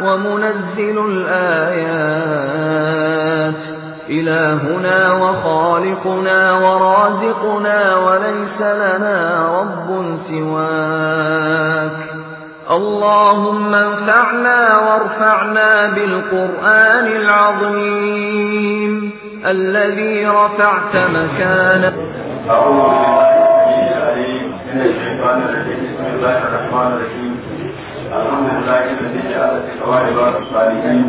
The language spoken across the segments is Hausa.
ومنزل الآيات إلهنا وخالقنا ورازقنا وليس لنا رب سواك اللهم انفعنا وارفعنا بالقرآن العظيم الذي رفعت مكانه أعوذ بالله من الشيطان الرجيم بسم الله الرحمن الرحيم الحمد لله الذي جعل في قواعد الصالحين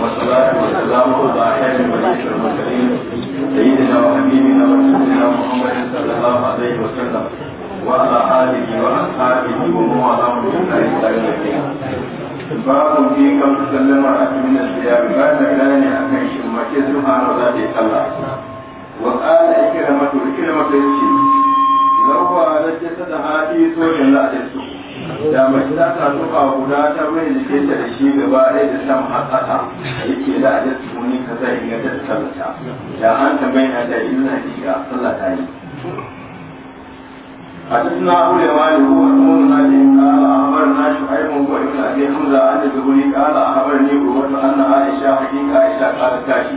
والصلاة والسلام على خير الملك المرسلين سيدنا وحبيبنا ورسولنا محمد صلى الله عليه وسلم وعلى آله وأصحابه ومن والاهم بإحسان إلى يوم باب في كم تسلم على من الثياب بعد كان أكن شمك سبحان الله صلى وقال إكرمة إكرمة يشي لو وعدت جسدها في سوء لا تسوء da mace za ta tuka guda ta mai jike ta da shi gaba ɗaya da sama a ƙasa yake da a jasa tuni ka zai iya da sallata da an ta mai na yi na ji ga sallata ne. a cikin aure ma da ruwan nuna na ji ƙala a bar na shi ai mun gwari na ji hamza an da zuri ƙala a bar ni ko wata an na aisha hakika aisha ƙala ta shi.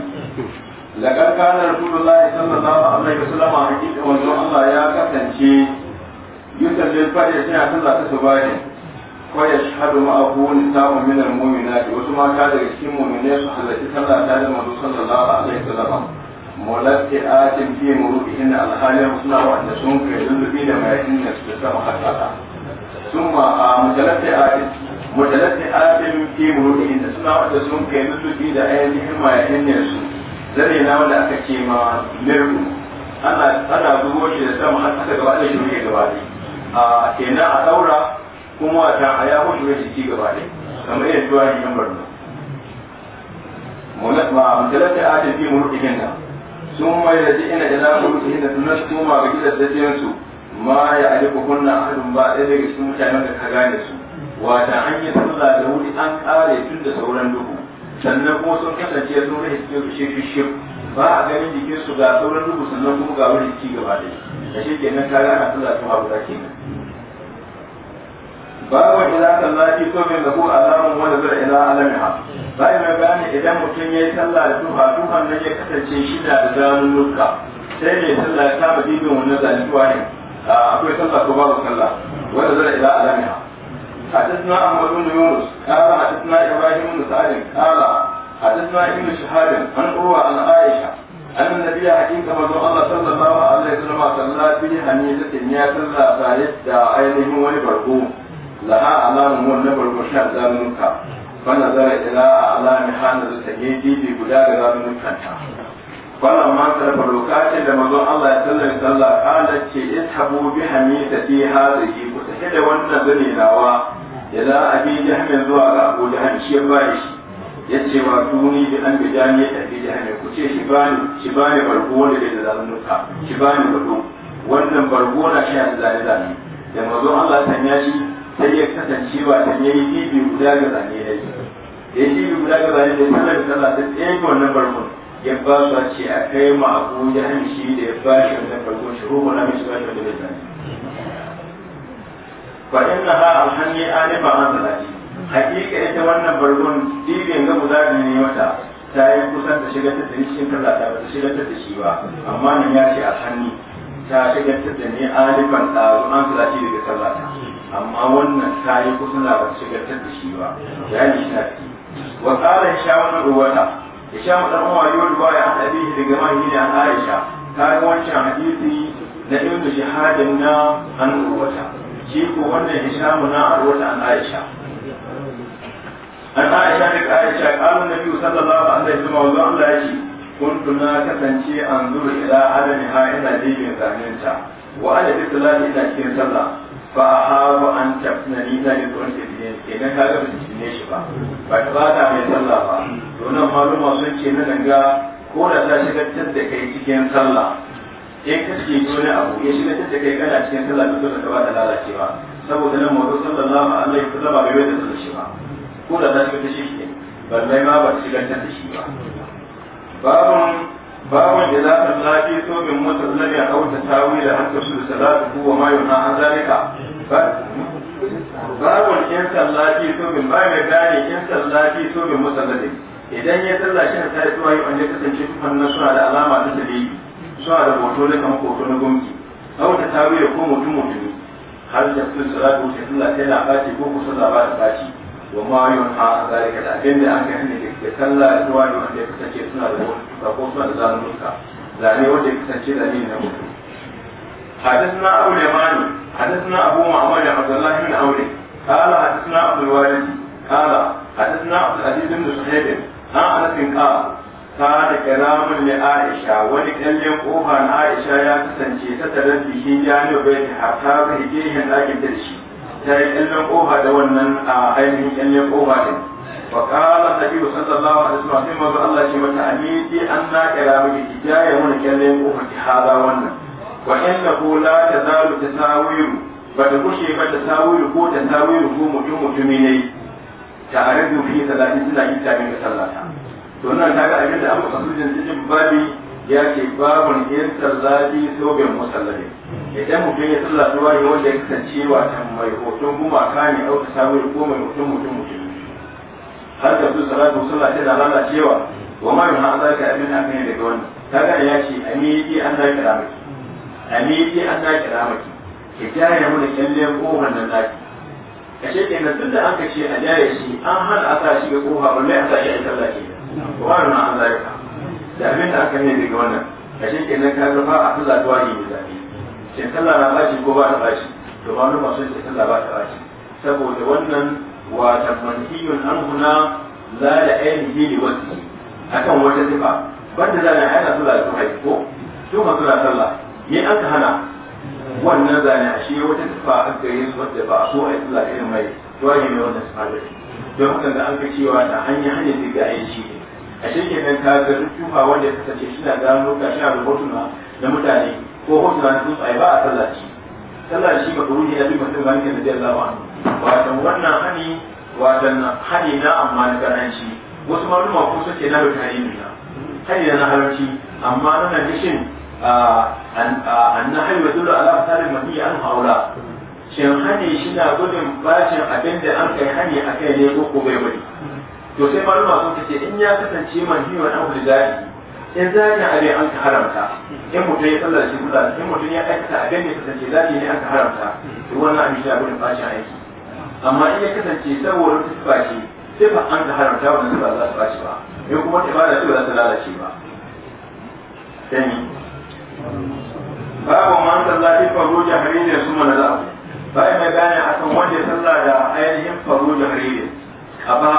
lakar kanar rasulullahi sallallahu alaihi wasallam a hakika wanzu Allah ya kasance yusallin fa'ida tana sallah ta subahin ko ya shahadu ma'ahu nisa'un min al-mu'minati wasu mata daga cikin mu'minai su halarci sallah ta da manzo sallallahu alaihi wasallam mulatti atin fi murubihin alhalin suna wanda sun kai lullubi da mayakin da suke sama hasada summa a mujalatti atin mujalatti atin fi murubihin da suna wanda sun kai da na wanda aka ce ma lirku ana zuwa zubo shi da sama har aka gaba da shi gaba a kenan a saura kuma wata a ya mutu ya ci gaba ne kamar yadda zuwa yi nan barno mutalata a tafi murkihin nan sun mai da ji ina ila murkihin da sunan kuma ga gidan dajiyansu ma ya alifu kunna ahadun ba ɗaya daga cikin mutanen da ka gane su wata hanyar yi sallah da wuri an kare tun da sauran duhu sannan kuma sun kasance sun rahe suke su shi ba a ganin jikinsu ga sauran duhu sannan kuma ga wuri ci gaba ɗaya da shi ke nan kaga ana sallah juma'a guda kenan babu min lahu alamun wa nazara alamiha mai bayani idan mutum yayi sallah da duha duhan da ya kasance shida da zanunnuka sai ne sallah ta bidin wannan zalituwa ne akwai sallah ko babu sallah wa nazara ila alamiha حدثنا أحمد بن يونس قال حدثنا إبراهيم بن سعد قال حدثنا ابن شهاب عن عروة عن عائشة annan nabi ya hakin kamar don Allah sallallahu alaihi wasallam ba ta nuna fili hanyar da ke niyar sallah ta yadda ainihin wani barko laha alamun mun na barko sha zamunka fana zara ila a alamun da sanye jibi guda da zamunkan ta fana ma ta rafa doka da mazo Allah ya sallallahu sallah kala ce in habu bi hami ta fi hazaki ku tafi da wannan zane nawa ya za a bi jihar zuwa ga abu da hanci ya bayi shi ya ce wa tuni bi an bidani ya tafi jahannam ku ce shi bani shi bani bargo wanda bai da zamun nuka shi bani bargo wannan bargo na shi da zane zane da mazo Allah sanya shi sai ya kasance ba ta yayi bibi guda ga zane da ne da yi bibi guda ga zane da sallar sallah ta tsaye wannan bargo ya ba su ce a kai ma abu ya hanshi da ya ba shi wannan bargo shi ruhu na shi ba shi wanda bai zane fa inna ha alhanni alima an salati hakika ita wannan bargon dibin ga muzari ne mata ta yi kusan ta shigar da ni cikin ba ta bata shigar da shi ba amma nan ya ce a hannu ta shigar da ni alifan ɗazu an kula shi daga sallah amma wannan ta yi kusan ba ta shigar da shi ba ya yi shafi wa ƙara shawar ruwata ya sha mu ɗan uwa yau ruwa ya haɗa bihi daga mahini an aisha ta yi wancan hadisi na ibnu shahadin na an ruwata shi ko wannan ya mu na ruwata an aisha an aisha da aisha kalun nabi sallallahu alaihi wasallam wanzu Allah ya ce kuntu na kasance an zuru ila adami ha ina dibin zamin ta wa ala bi ina cikin sallah fa haru an tafna ni da ni tsoron da biyan kenan ka ga bincin ne shi ba ba ta ba ta mai sallah ba to nan maluma sun ce na ga ko da ta shiga da kai cikin sallah in ka ce wani abu ya shiga da kai kana cikin sallah ka zo ka ba da lalacewa saboda nan mawdu sallallahu alaihi wasallam bai wada sallah shi ba ko da ta shi ke balle ma ba shiga ta da shi ba babun babun da za ka lafi to bin mota zai ya kauta tawi da hanta su da salatu ko ma yau na an zalika babun in sallafi to bin ba mai gane in sallafi to bin mota zai idan ya sallashi ta yi tuwayi wanda ta tufan na suna da alama ta dalili suna da hoto na kamar hoto na gumki au ta tawi ko mutum mutum har da sun salatu ta sallah ta yana baci ko kusa da ba ta baci wa ma yun ha zalika da abin da aka yi da ke kalla ruwa ne wanda ya kasance suna da wani ko suna da zanunuka zane wanda ya kasance zane na mutu حدثنا أبو اليمان حدثنا أبو معمر عبد الله بن عوني قال حدثنا عبد الوالد قال حدثنا عبد العزيز بن صهيب عن أنس قال كان كلام لعائشة ولكلم قوها عائشة يا كسنتي تتلبي هي جانب بيتها حتى بهجيه لكن تدشي ya yi ɗanɗan ƙofa da wannan a ainihin ɗanɗan ƙofa ɗin wa ƙala nabi sallallahu alaihi wasallam sai manzo Allah ce mata amiti an na kira miki ki ya mun ɗanɗan ƙofa ki hada wannan wa innahu la tazalu tasawiru ba ta kushe ba tasawiru ko tasawiru ko mutum mutumi ne tare da fi salati suna yi tare da sallata to nan ta ga abinda Abu Bakar bin Sijin babi ya ce babun in sallati sobin musallati idan mutum ya tsalla zuwa ne wanda ya kasance wa can mai hoton gumaka ne auka samu ko mai hoton mutum mutum har da su salatu sallah ta da lalacewa wa ma yi an zaka abin da yi daga wannan kaga ya ce amiti an zaka ramaki amiti an zaka ramaki ki jaya mu da kyalle kofar nan zaki kashe kenan tunda an aka ce a jaya shi an hana a sa shi ga kofa balle a sa shi a sallah ke wa ma yi an zaka da abin da aka yi daga wannan kashe kenan kaga ba a fi zaduwa ne da zafi shin sallah na bashi ko ba ta bashi to ba nuna sun ce sallah ba ta bashi saboda wannan wa tamanhiyun an huna la la ainihi li wasu, akan wata sifa banda da na yana sallah da kai ko to ma sura sallah ne an ka hana wannan zane a shi wata sifa an ka yi da ba a so a yi sallah irin mai wani ne wannan sifa da shi don haka da an ka cewa ta hanya hanyar da ga ne. a shi nan ka ga rukuwa wanda ya kasance shi na gano ka shi na rubutuna da mutane ko ko tunanin sun tsaye ba a sallah shi sallah shi ba kuruji ya fi mutum ba ne da zai zama watan wannan hani watan hani na amma na karanci wasu maluma ko suke na rukani ne na hani na halarci amma na nan dishin an na hani wasu da ala fasalin mafi an haula shin hani shi na gudun bacin abin da an kai hani a kai ne ko ko bai bari to sai maluma sun ce in ya kasance manhiwa an hulgari in zaga abin an ka haramta in mutum ya tsalla shi kula in mutum ya aikata abin ya kasance zaɓi ne an ka haramta to wannan abin shi abin bacin aiki amma in ya kasance saboda tuba ce sai ba an ka haramta wannan ba za su baci ba in kuma ta ibada ce ba za ta lalace ba sani babu man sallah fi faru jahari ne su mana za'a bayan mai gane akan wanda ya sallah da ainihin faru jahari ne a ba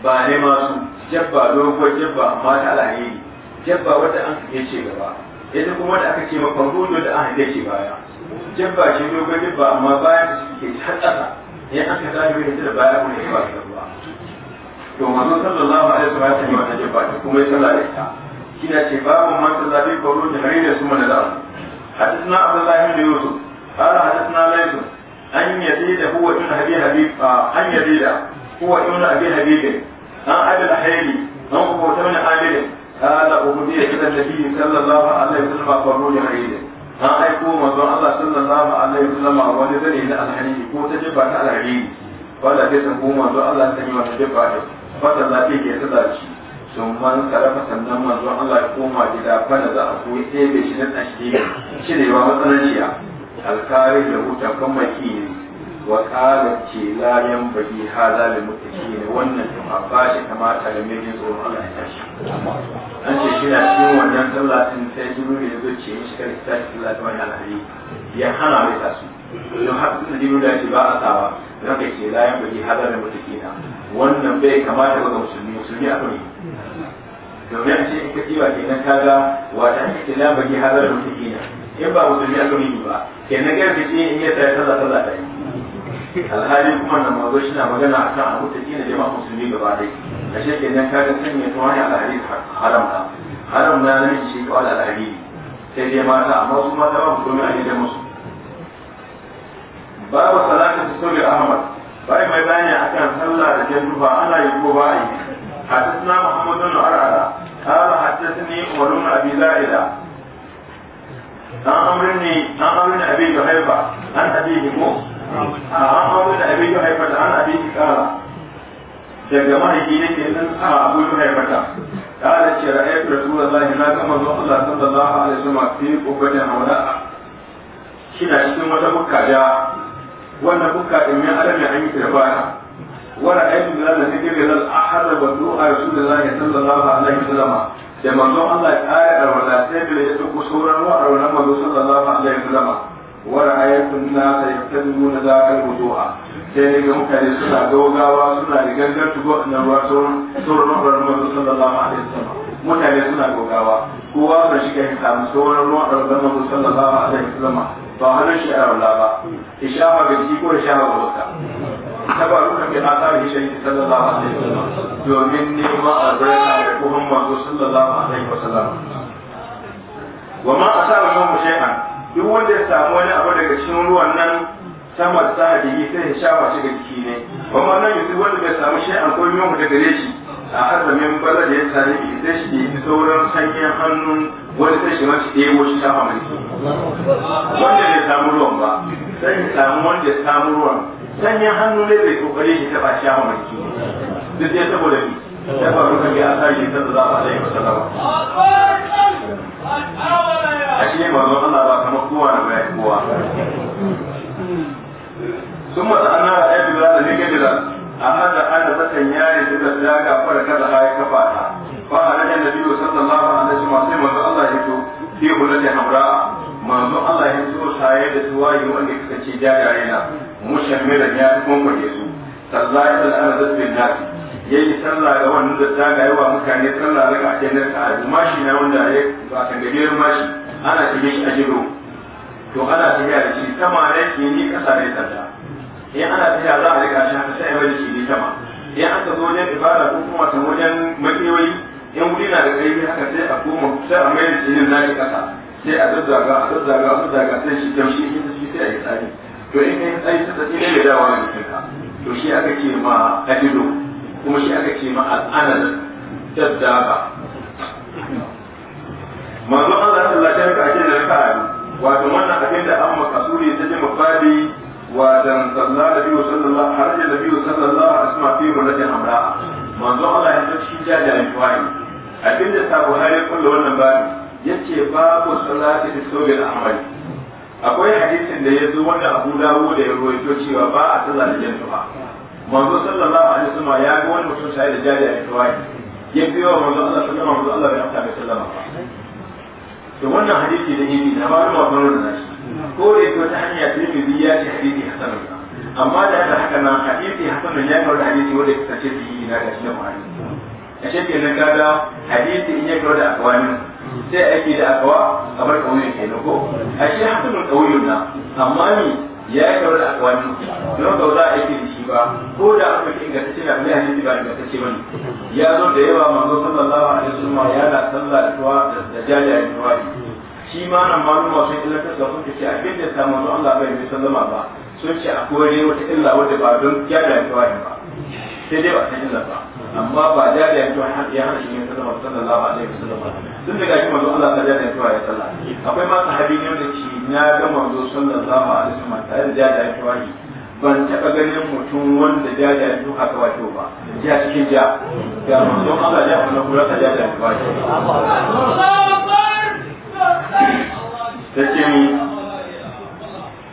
ba ne masu jabba dogon jabba amma ta alheri jabba wadda an ka ce gaba yadda kuma da aka ce ba kwangudu da an ce baya jabba ce dogon jabba amma bayan da suke ci har ƙasa ne an ka zaɓi yadda da baya kuma ya fara ruwa to manzon sallallahu alaihi wasallam ya sanya wannan jabba ta kuma ya sanya da ita shi da ce babu man zafi zaɓi kwangudu da hari da su mana da su hadisun abdullahi bin yusuf qala hadisun laysu an yadida huwa ibn abi habib ah, an yadida huwa ibn abi habib an abi al-hayli kuma ta mana amirin قال أهدي إلى النبي صلى الله عليه وسلم فروني حيدا an aiko manzon Allah sallallahu alaihi wasallam wani zane na alhaji ko ta jibba ta alhaji. wanda ke san kuma manzon Allah ta yi wata jibba ta fata za ta ke ta zaci sun man karafa sannan manzon Allah ya koma gida fada za a koyi ɗebe shi na tsashi cirewa matsananciya alkari da huta kan maki ne wa kala ce layan bagi hada da mutaki ne wannan tun a bashi kamata da mai tsoron Allah ya tashi an ce kina cikin wannan sallah sun sai jibril ya zo ce in shi kai ta sallah ta wani alhari ya hana mai tasu. su don haka sun jibril ya ce ba a sawa don haka ce layan bari hadar da mutakina wannan bai kamata ba ga musulmi musulmi a kuri domin a ce in ka kiwa kenan kaga wata ne ce layan bari hadar da mutakina in ba musulmi a kuri ba Ke gaya ka ce in ya sai sallah sallah ta yi alhali kuma na mazo shi na magana akan a mutakina jama'a musulmi gaba ɗaya a shekai na kaga sanya tuwani al'ari haramta haramta na yin shi kawai al'ari sai dai mata amma su mata ba su a gidan musu babu salatu su sauri ahmad bai mai bayani akan sallah da janduba ana yi ko ba yi حدثنا محمد بن عرعرة قال حدثني عمر بن ابي زائده عن عمرو بن عن عمرو بن ابي جهيفه عن daga mahaifi ne ke sun a abubuwan haifata ta da ce ra'ayi rasuwar Allah ya zama zuwa Allah sun da zaha a yasu mafi ƙoƙarin hauna shi na cikin wata bukka wannan bukka ɗin ya adam ya hanyar baya wani ra'ayi da zai zai zai zai da zaha ya sun da zaha a yasu zama da manzon Allah ya ƙara da wanda sai da ya tuku sauran wa'ar wani manzon sun da zaha a ورأيت الناس يتبعون ذاك الوضوء sai ga mutane suna gaugawa suna rigangar tugo na ruwa sauran sauran ruwan manzo sallallahu alaihi wasallam mutane suna gaugawa kowa ba shi kai samu sauran ruwan ruwan manzo sallallahu alaihi wasallam ba hannun shi a raula ba ishama ga shi ko ishama ga wata tabarun ka bin asar shi shi sallallahu alaihi wasallam domin neman da duk wanda ya samu wani abu daga cikin ruwan nan sama sa yi sai ya sha shi ga jiki ne amma nan yanzu wanda bai samu shi an koyi mu daga gare shi a azumin bala da ya sani bi sai shi yi sauran sanyin hannun wani sai shi mace ɗebo shi shafa mai wanda bai samu ruwan ba sai ya samu wanda ya samu ruwan sanyin hannu ne bai kokare shi ta shi shafa mai duk dai saboda bi ya faru kan ya sa shi ta da za a alaihi wasallama ashe manzo Allah ba kamar kowa da bai kowa sun mata ana da ayyuka da zai gaji da a hada ana sakan yare da da ya gafara kada ya kafa ta fa halajan nabiyyu sallallahu alaihi wasallam sai manzo Allah ya to fi hulati hamra manzo Allah ya to saye da tuwayi wanda kace jajaye na mushammiran ya kuma kwaje su sallallahu alaihi wasallam bin nasi ya yi sallah ga wannan da ta gaya wa mutane sallah daga ajiyar ta mashi na wanda ya ba kan gajeren mashi ana tafiya shi ajiro to ana tafiya da shi sama ne ke ni kasa ne tsada in ana tafiya za a rika shi haka sai ya bari shi ne sama in aka zo wajen ibada ko kuma ta wajen makewayi in wuri na da ƙarfi haka sai a koma sai a mai da shi ne na kasa sai a zazzaga a zazzaga a zazzaga sai shi kyau shi shi sai a yi tsari to in ka yi tsari ta tsaki ne da dawa ne ka to shi aka ce ma ajiro kuma shi aka ce ma al'anar daddaba manzo Allah sallallahu alaihi wasallam ake nan ka wato wannan abin da an makasuri ta ji mafadi wato sallallahu alaihi wasallam har da nabi sallallahu alaihi wasallam fi mulkin amra manzo Allah ya ce shi ja da riwayi abin da ta Buhari kullu wannan babu yace babu salati da sogin amali akwai hadisin da ya zo wanda Abu Dawud da ya rawaito cewa ba a sallah da jantuwa manzo sallallahu alaihi wasallam ya ga wani mutum sai da jari a riwayi ya biyo manzo Allah sallallahu alaihi wasallam manzo Allah bai amsa bai sallama to wannan hadisi da yake da ba ma ban da shi ko da yake wata hanya ce mai biya ce hadisi hasan amma da haka haka nan hadisi hasan ya kawo da hadisi wanda ya tace bi na da shi Buhari a shekke nan kaga hadisi in ya kawo da akwamin sai ake da akwa kamar kauyen kenan ko a shi hasan kauyen na amma ni ya kawo da akwamin don ba za a yi ba ko da aka ce ga cikin mai hadisi ba da kace bane ya zo da yawa manzo sallallahu alaihi wasallam ya da sallah tuwa da jaja ya tuwa shi ma nan maluma sun ta da kuka ce abin da samu Allah bai mai sallama ba sun ce akwai wata illa wadda ba don jaja da tuwa ba sai dai ba ta illa ba amma ba da tuwa har ya hana shi yin sallama sallallahu alaihi wasallam tun daga shi manzo Allah ta da tuwa ya sallah akwai ma sahabi ne wanda shi na ga manzo sallallahu alaihi wasallam tare da da yanzu ban taɓa ganin mutum wanda jaja biyu haka wato ba ja cikin ja ga don Allah ja kuma kula ka jaja biyu ba ta ce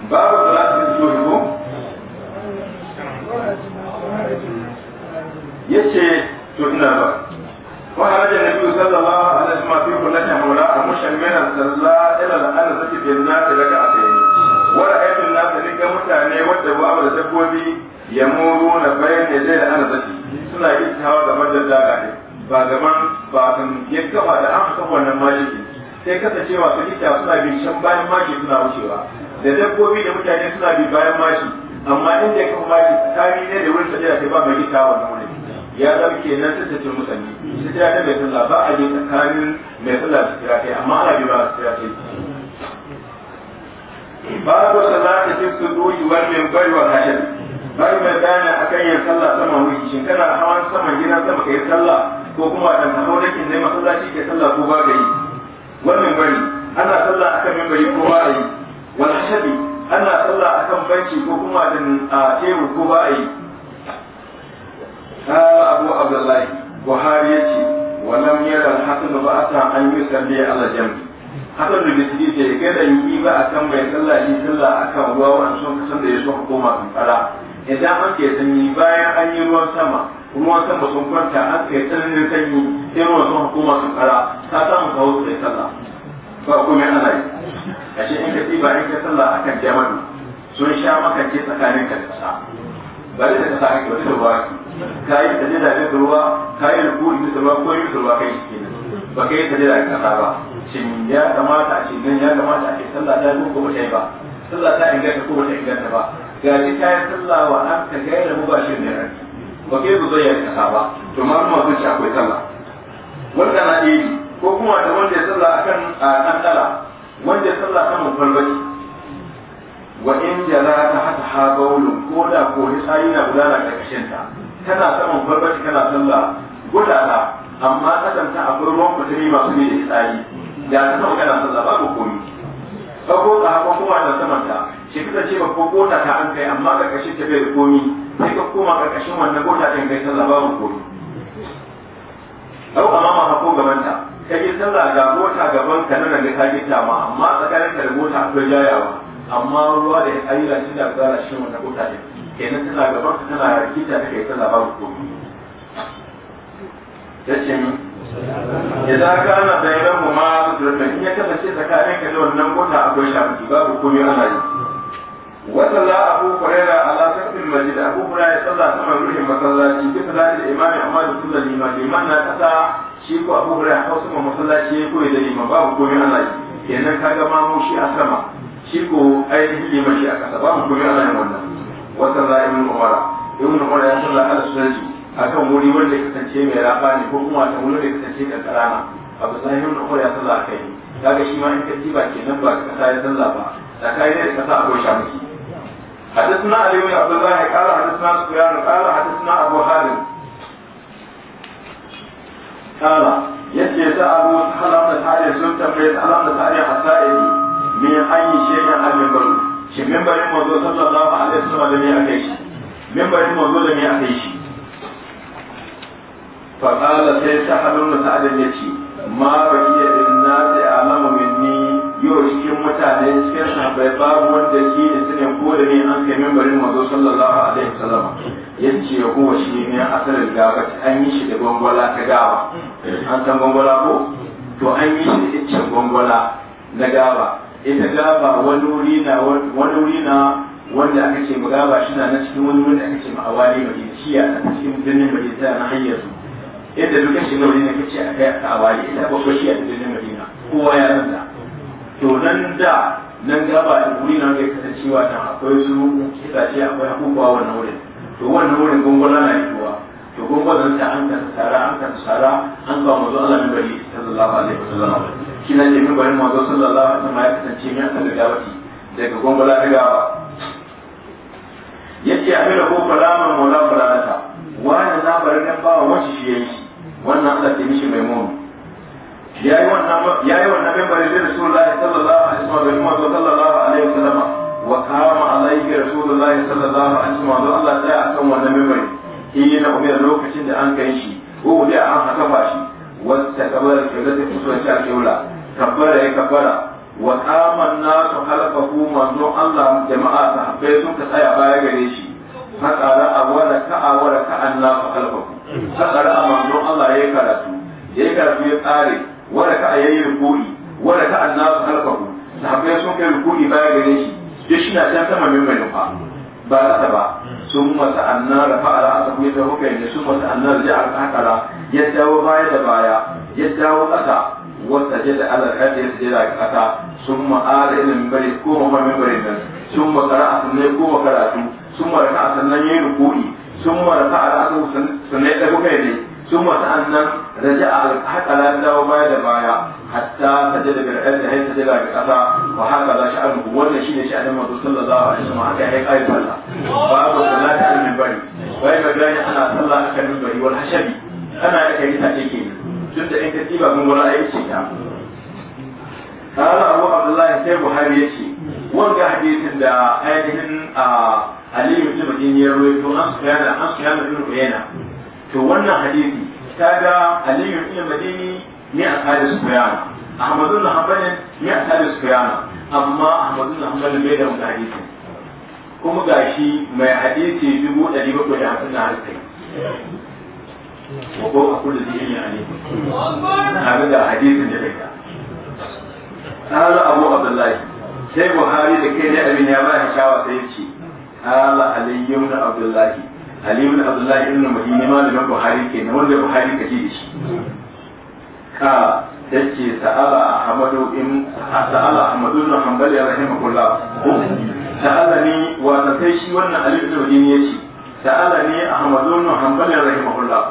babu salatin zuwa ko ya ce to ina ba وخرج النبي صلى الله عليه وسلم في كلة حولاء مشمرا صلى إلى الأنزة بالناس ركعتين wani aikin nasu ga mutane wadda ba da dabbobi ya muru na bayan ya zai da ana zaki suna yin hawa da majar daga ne ba gaban ba kan ya kafa da an kafa wannan majiki sai kasa cewa su ita suna bin can bayan mashi suna wucewa da dabbobi da mutane suna bi bayan mashi amma inda ya kafa mashi tsakani ne da wurin tafiya sai ba mai ita wannan wurin ya dauke nan ta tafi musanni sai ta mai sallah ba a yi tsakanin mai sallah da kira kai amma ana bi ba a kira kai babu salati fi suduri wal minbar wal hajar bai mai bayani akan yin sallah sama wuri shin kana hawan sama gidan sama kai sallah ko kuma dan hawo dakin ne masallaci ke sallah ko ba ga yi wal minbari ana sallah akan minbari ko ba yi wal hajar ana sallah akan banki ko kuma dan tebur ko ba yi abu abdullahi buhari yace ولم يرى الحسن بأسا أن يصلي على جنبه hasan da biski ce kai da yi ba a kan mai sallah shi sallah akan ruwa wani sun kasan da ya sun koma su fara idan an ke sanyi bayan an yi ruwan sama ruwan sama sun kwanta an ke tsananin sanyi sai ruwan sun koma su fara ta samu kawo su da sallah ba ku ana yi a shi in ka ba bayan ka sallah kan jamani sun sha ce tsakanin ka da kasa ba da kasa ake wata da ruwa ka yi sajada da ruwa ka yi rubutu da ruwa ko yi da ruwa kai shi kenan ba ka yi sajada da kasa ba shin ya kamata a ce ya kamata a ce sallah ta ko ba ta yi ba sallah ta inganta ko ba ta inganta ba ga shi ta yi sallah wa an ka gaira mu ba shi ne rai ba ke buzo ya sa ba to ma kuma zuci akwai sallah wanda na ɗaya ko kuma da wanda ya sallah akan kan dala wanda ya sallah kan mafarbaci wa in jala ta hata ha baulun ko da ko sai na gudana kashin ta kana saman farbaci kana sallah gudana amma kasanta akwai ruwan mutane masu ne da tsari ya zama sau kana sallah ba ko koyi ka ko ka ko kuma da samanta, ta shi kada ce ba ko kota ta an kai amma karkashin ta bai komi sai ka koma karkashin wannan kota ta kai sun ba ko koyi au amama ka ko gaban ta ka yi sallah ga mota gaban ka nan da ka gita ma amma tsakanin ka da mota akwai jayawa amma ruwa da ayyuka shi da zara shi wannan kota ne kenan tana gaban ka tana kita da kai sallah ba ko komi yace idan kana bainahu ma zulmin in ya kasance tsakanin ka da wannan gona akwai shafi babu komai ana yi wasalla abu hurairah ala sakfil masjid abu hurairah sallah sama ruhin masallaci bi da imami ahmad sunna liman liman na kasa shi ko abu hurairah hausa ma masallaci ya koyi da liman babu komai ana yi kenan ga mamu shi a sama shi ko ainihin liman shi a kasa babu komai ana yi wannan wasalla ibn umara ibn umara ya sallah ala sunna akan wuri wanda ya kasance mai rafa ne ko kuma akan wuri da ya kasance da karama abdullahi ibn umar ya sallah kai kaga shi ma in ka ba kenan ba ka kasa ya sallah ba da kai ne da kasa akwai shamaki حدثنا علي بن عبد الله قال حدثنا سفيان قال حدثنا ابو خالد قال يسجي سألوا حلم تاري سنت فيت حلم تاري حسائي من أي شيء هل من بلو شي من بلو موضوع صلى الله عليه وسلم لم يأكيش من بلو موضوع لم يأكيش faƙala sai ta hannun ta sa'adar ya ce ma ba iya inna sai alama minni yau cikin mutane cikin sahabbai babu wanda ke da sanin ko da ni an kai mimbarin mazo sallallahu alaihi wasallam ya ce ya kuma shi ne asalin gaba an yi shi da gwangwala ta gaba an san gwangwala ko to an yi shi da iccen gwangwala na gaba ita gaba wani wuri na wani wuri na wanda aka ce gaba shi na na cikin wani wanda aka ce ma ma'awali madina shi a cikin birnin madina na hanyar su yadda dukkan shiga wani na kace a kai a kawai ina ba shi a cikin Madina kowa ya nan da to nan da nan gaba da wuri nan ga kasancewa nan akwai su ce akwai hakukuwa wannan wurin to wannan wurin gongola na yiwuwa to gongolan ta an ka sara an ka sara an ba mazo Allah min bari sallallahu alaihi wasallam shi ne min bari mazo sallallahu alaihi wasallam ya kasance min an da gawati daga gongola daga yace amira ko kalama maula ta. wani na bari dan bawa wacce shi yayi wannan Allah ta mishi mai mun yayi wannan yayi wannan mai bari da Rasulullahi sallallahu alaihi wasallam da Muhammad sallallahu alaihi wasallam wa kama alaihi Rasulullahi sallallahu alaihi wasallam Allah ta akan wannan mai bari shi na umar lokacin da an kai shi ko da an haka ba shi wata kabar ke da ta fito ta keula kabbara ya kabbara wa kama nasu halaka ku manzo Allah jama'a ta sahabbai sun ka tsaya baya gare shi فقرا وركع وركع الناس خلفه فقرا منذ الله يكرسو يكرسو يقاري وركع يي ركوعي وركع الناس خلفه sahabbai sun kai rukuni baya gare shi ya shi na can sama min mai nufa ba za ba sun masa annar fa'ala a tafi ta hukai ne sun masa annar ja'ar kakara ya dawo baya da baya ya dawo ƙasa والسجد على الأرض سجد كتا ثم آل إلى المنبر كوما من المنبر ثم قرأت من كوما قرأت sun maraka a sannan ya yi rukuri sun maraka a rasu sannan ya ɗago kai ne sun mata annan raja a haka lalawa baya da baya hatta sajada da bir'ar da hain sajada ga ƙasa ba haka za shi an rubu wannan shi ne shi a nan mazu sallallahu alaihi wasallam haka ya ƙari sallah babu salata al bari, wai ga gani ana sallah akan bari, wal hashabi ana da kai ta ke tun da in ka tiba mun wala ayi ce ta Ta قال أبو عبد الله سيد بخاري يشي وقع حديث دا أيدهن a. aliyu ibn madini ya to an suyana an suyana ibn uyana to wannan hadisi ta kaga aliyu ibn madini ne a kada suyana ahmadu ibn hanbal ne a kada suyana amma ahmadu ibn hanbal bai da wannan hadisi kuma gashi mai hadisi dubu ɗari bakwai da hamsin da harkai ko a kullu zihin ya ne tare da hadisin da daga قال أبو عبد الله sai buhari da kai ne abin ya ba shawa sai ya ce qala ali ibn abdullah ali ibn abdullah ibn madini malamin buhari kenan wanda buhari kace da shi ka yace sa'ala ahmadu in sa'ala ahmadu ibn hanbali rahimahullah ko sa'ala ni wa ta sai shi wannan ali ibn madini yace sa'ala ni ahmadu ibn hanbali rahimahullah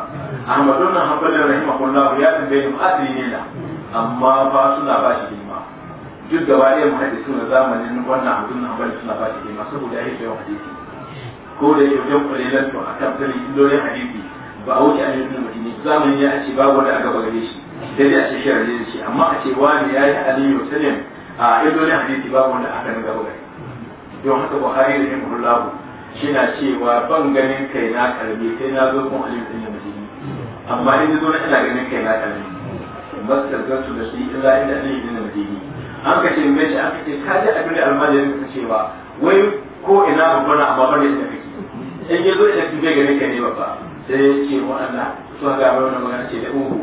ahmadu ibn hanbali rahimahullah ya tambaye mu adini na amma ba suna ba shi duk gaba ɗaya mu haɗe suna zamanin wannan abin nan bane suna ba shi ma saboda ya yi yawan hadisi ko da yake wajen kwalilan to a kan sani illolin hadisi ba a wuce ayyukan da mutum zamanin ya ce babu wanda a gaba gare shi sai dai a ce shi rajin shi amma a ce wani ya yi aliyu salim a illolin hadisi babu wanda aka na gaba gare don haka buhari da yin hulabu shi na cewa ban ganin kai na karbi sai na zo kun aliyu salim mutum amma in zo na ina ganin kai na karbi masar gansu da shi illa inda aliyu salim mutum an ka ce mai an ka ce ka ji abin da almajirin ka ce ba wai ko ina ba na amma bane da kake in ya zo da kake bai gane ka ne babba sai ya ce wa Allah su ga mai wannan magana ce da uhu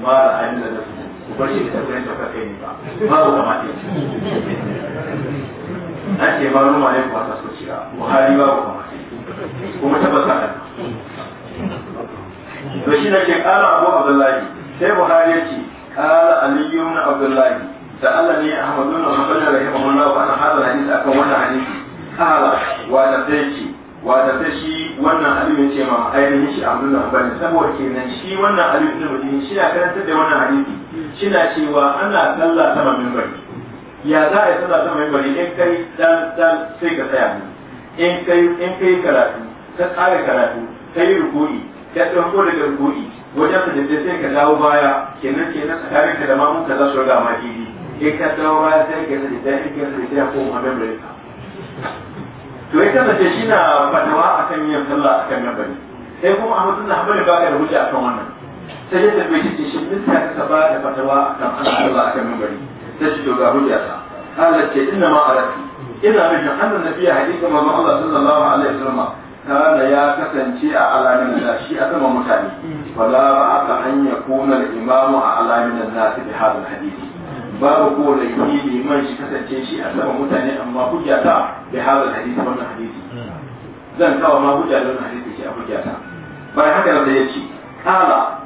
ma ra'ayin da nasu ku bar shi da tabbatar da ka kai ne ba ba ku ta an ce ma ruwa ne ku ta so cira Buhari ba ku kamata kuma tabbata da to shi ne ke ala Abu Abdullahi sai Buhari ya ce ala aliyu na Abdullahi sa'ala ne a hamadu na musamman da kuma wannan wa an hada akan wannan hadisi kala wa da tsaye wa ta shi wannan hadisi ce ma ainihin na bani saboda kenan shi wannan hadisi da mutum shi na karantar da wannan hadisi shi cewa ana sallah sama mimbari ya za a yi sallah sama mimbari in kai dan dan sai ka tsaya mu kai karatu ka tsara karatu ka yi rukuri ka ɗauko daga rukuri wajen fitattun sai ka dawo baya kenan kenan a da mamun ka za su rada ma jiri in ka dawo ba sai ka yi da in ka yi da ko magan da ita to ita kasance shi na fatawa akan yin sallah akan nan bane sai kuma Ahmadu na Hanbali ba ya rubuta akan wannan sai ya tafi shi shi duk ta ka ba da fatawa akan ana sallah akan nan bane sai shi to ga hujja ta Allah ce inna ma arafi ina nufin annan nabiya hadisi manzo Allah sallallahu alaihi wasallam kana ya kasance a alamin da shi a saman mutane wala ba aka hanya kuna al-imamu a alamin da su bi hadal hadisi babu kowane yi man shi kasance shi a sama mutane amma hujja ta bi hadal hadisi wannan hadisi zan kawo ma hujja da wannan hadisi shi a hujja ta bayan haka da ce kala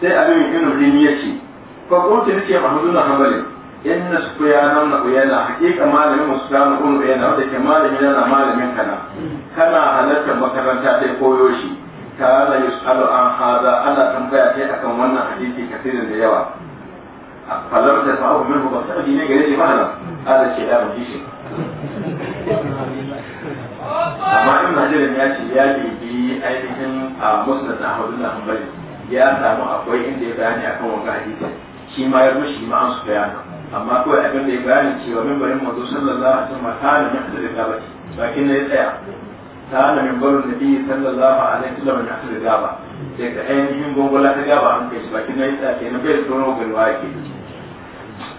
sai abin ibn rimi yace fa kuntu nake na hanbali inna su ya nan na na hakika malamin musu kuma nan na wanda ke malamin yana malamin kana kana halartar makaranta sai koyo shi kana yusalu an haza ana tambaya sai akan wannan hadisi kafin da yawa فلم تسمعه منه بصر دينه غير مهلا هذا الشيء لا مجيش amma in majalim ya ce ya bibi ainihin a musnad ahmad bin ya samu akwai inda ya bayani akan wannan hadisi shi ma ya rushi ma an su bayana amma kawai abin da ya bayani cewa mimbarin manzo sallallahu alaihi wasallam kana min hadisi da baki bakin ne ya tsaya kana mimbarin nabi sallallahu alaihi wasallam min hadisi da ba sai ka ainihin gongola ta gaba an bai ke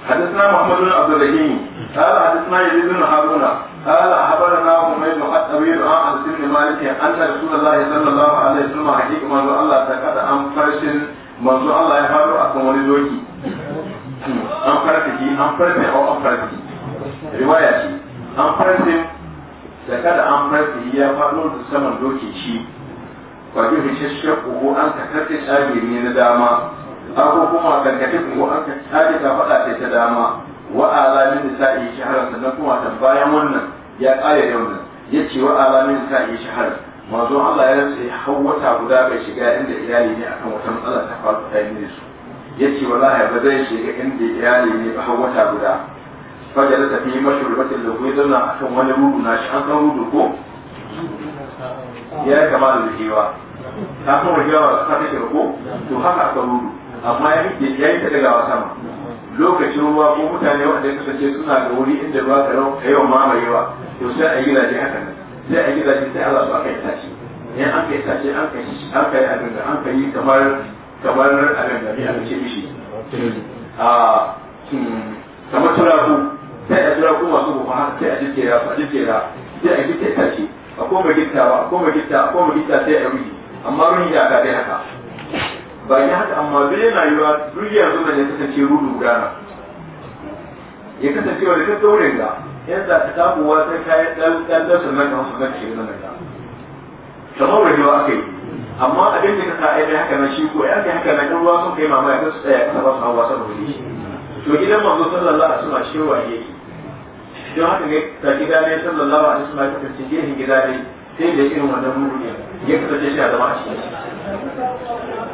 حدثنا محمد بن عبد الرحيم قال حدثنا يزيد بن هارون قال اخبرنا حميد بن الطويل عن انس بن مالك ان رسول الله صلى الله عليه وسلم حقيقه من الله تكاد ام فرش من الله يهارو اقوم ولي ام فرشتي ام فرشتي او ام فرشتي روايه ام فرشتي an ام فرشتي kada an farfi ya faɗo da saman doki ان kwaje shi من an ko kuma karkace ko an ka tare ka faɗa sai ta dama wa alamin nisa'i shahara sannan kuma ta bayan wannan ya yau nan. Ya ce wa alamin nisa'i shahara manzo Allah ya rantsa har wata guda bai shiga inda iyali ne akan wata matsala ta faru ta yi su yace wallahi ba zai shiga inda iyali ne ba har wata guda fajar ta fi mashrubatin da kuwa a kan wani rudu na shi an kan rudu ko ya kama da rigewa ta kuma rigewa ta take ko to haka aka rudu amma ya rike ya yi daga sama lokacin ruwa ko mutane wanda ya kasance suna da wuri inda ba ka rauka yawan mamayewa to sai a yi gidaje haka sai a yi gidaje sai Allah su aka yi tashi ne an kai tashi an kai an kai abin da an kai kamar kamar abin da ne aka ce mishi a hmm, kamar turaku sai a turaku masu bufa haka sai a jirkera a jirkera sai a jirkera tashi a koma gittawa a koma gitta a koma gitta sai a ruhi amma ruhi ya ka dai haka ba ya haka amma na yana yiwa duk yanzu da ya kasance rudu gudana ya kasance wani ta taurin ga yadda ta tabo wa sai kayan dan dan da sunan ka wasu zan shiga nan ga kamar wani wa yi amma abin da ka sa ai haka na shi ko ya kai haka nan ruwa sun kai mamaya ta su tsaya kasa ba su hawa saboda shi to gidan manzo sallallahu alaihi wasallam wa yake don haka ne ta gida ne sallallahu alaihi wasallam ta kasance gehen gida ne sai da irin wannan mutum ya kasance shi a zama a cikin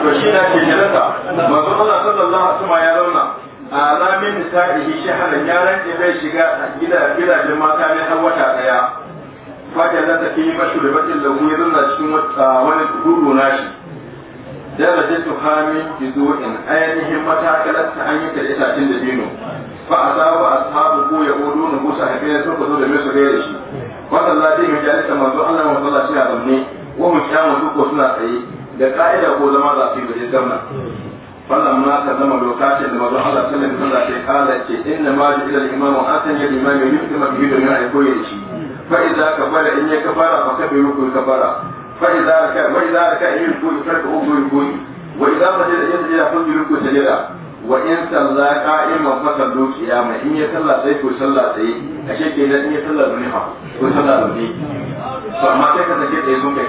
to shi na ke jirata masu Allah sallallahu alaihi wasallam ya rauna alamin nisa'ihi shaharan yaran ke zai shiga gidajen mata ne har wata daya fata za ta fi mashuribatin lagu ya zauna cikin wani guru nashi daraja su hami bizu'in ainihin matakalarsa ta yi ta itacen da dino fa a zawo a sahabu ko ya hudu na busa haifiyar sun ka zo da mai su da shi wasan lafiya mai jalisa manzo Allah wa sallallahu alaihi wasallam ne wa mu kyamu su ko suna tsaye da ka'ida ko zama za su yi wannan ka zama lokacin da mazu Allah ta kala ce inna ma ji a koyar shi ka in ya ka ka bai ka ka ka in ka wa idza in kun ji wa in salla qa'iman fa qiyama in ya salla sai ko salla sai ashe in ya salla ne ha ko salla ne to amma sai ka sun kai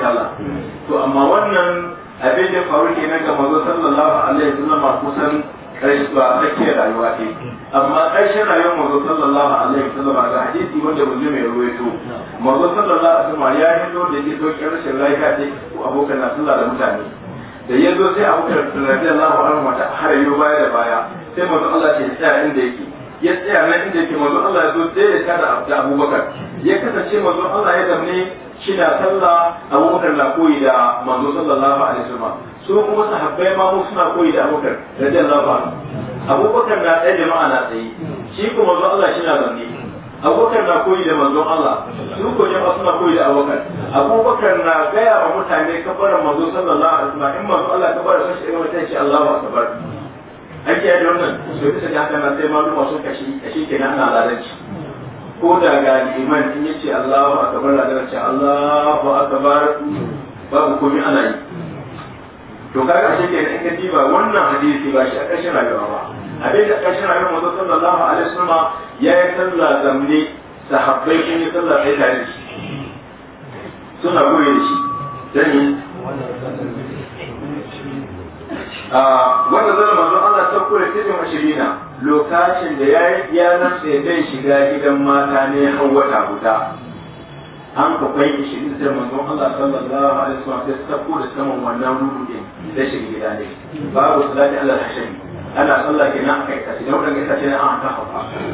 to amma wannan abin da faru ke nan ga mazo sallallahu alaihi wasallam kusan karshe ba tsakiyar rayuwa ke amma karshen rayuwar mazo sallallahu alaihi wasallam ga hadisi wanda mun mai ruwaito mazo sallallahu alaihi wasallam ya hindo da yake dokin rashin lafiya ce ko abokan na sallah da mutane da yanzu sai abokan radiyallahu anhu mata har yau baya da baya sai mazo Allah ke tsaya inda yake ya tsaya nan inda ke manzon Allah ya zo sai ya kada da Abubakar ya kasance manzon Allah ya damne shi na sallah Abubakar na koyi da manzo sallallahu alaihi wasallam su kuma sahabbai ma mu suna koyi da Abubakar radiyallahu anhu Abubakar na tsaye jama'a na tsaye shi kuma manzon Allah shi na zamne Abubakar na koyi da manzon Allah su ko jama'a suna koyi da Abubakar Abubakar na gaya wa mutane kabarin manzo sallallahu alaihi wasallam in manzo Allah kabara sai shi ya ce Allahu akbar an kiyaye da wannan so bisa ga haka nan sai maluma sun kashi kashi kenan ana ladanci ko da ga liman in yace Allahu akbar ladanci Allahu akbar babu komai ana yi to kaga ashe kenan in ka ba wannan hadisi ba shi a ƙarshen rayuwa ba abin da ƙarshen rayuwar manzo sallallahu alaihi wasallam ya yi sallah zamne sahabbai sun yi sallah sai tare shi suna goye da shi dan yi ah, wanda zai manzo da cikin ashirina lokacin da ya yi yanar zai shiga gidan mata ne hawata guda an ka kwai da manzon Allah sallallahu alaihi wasallam sai da saman wannan ruhu din da gida ne babu salati Allah shari ana sallah wannan an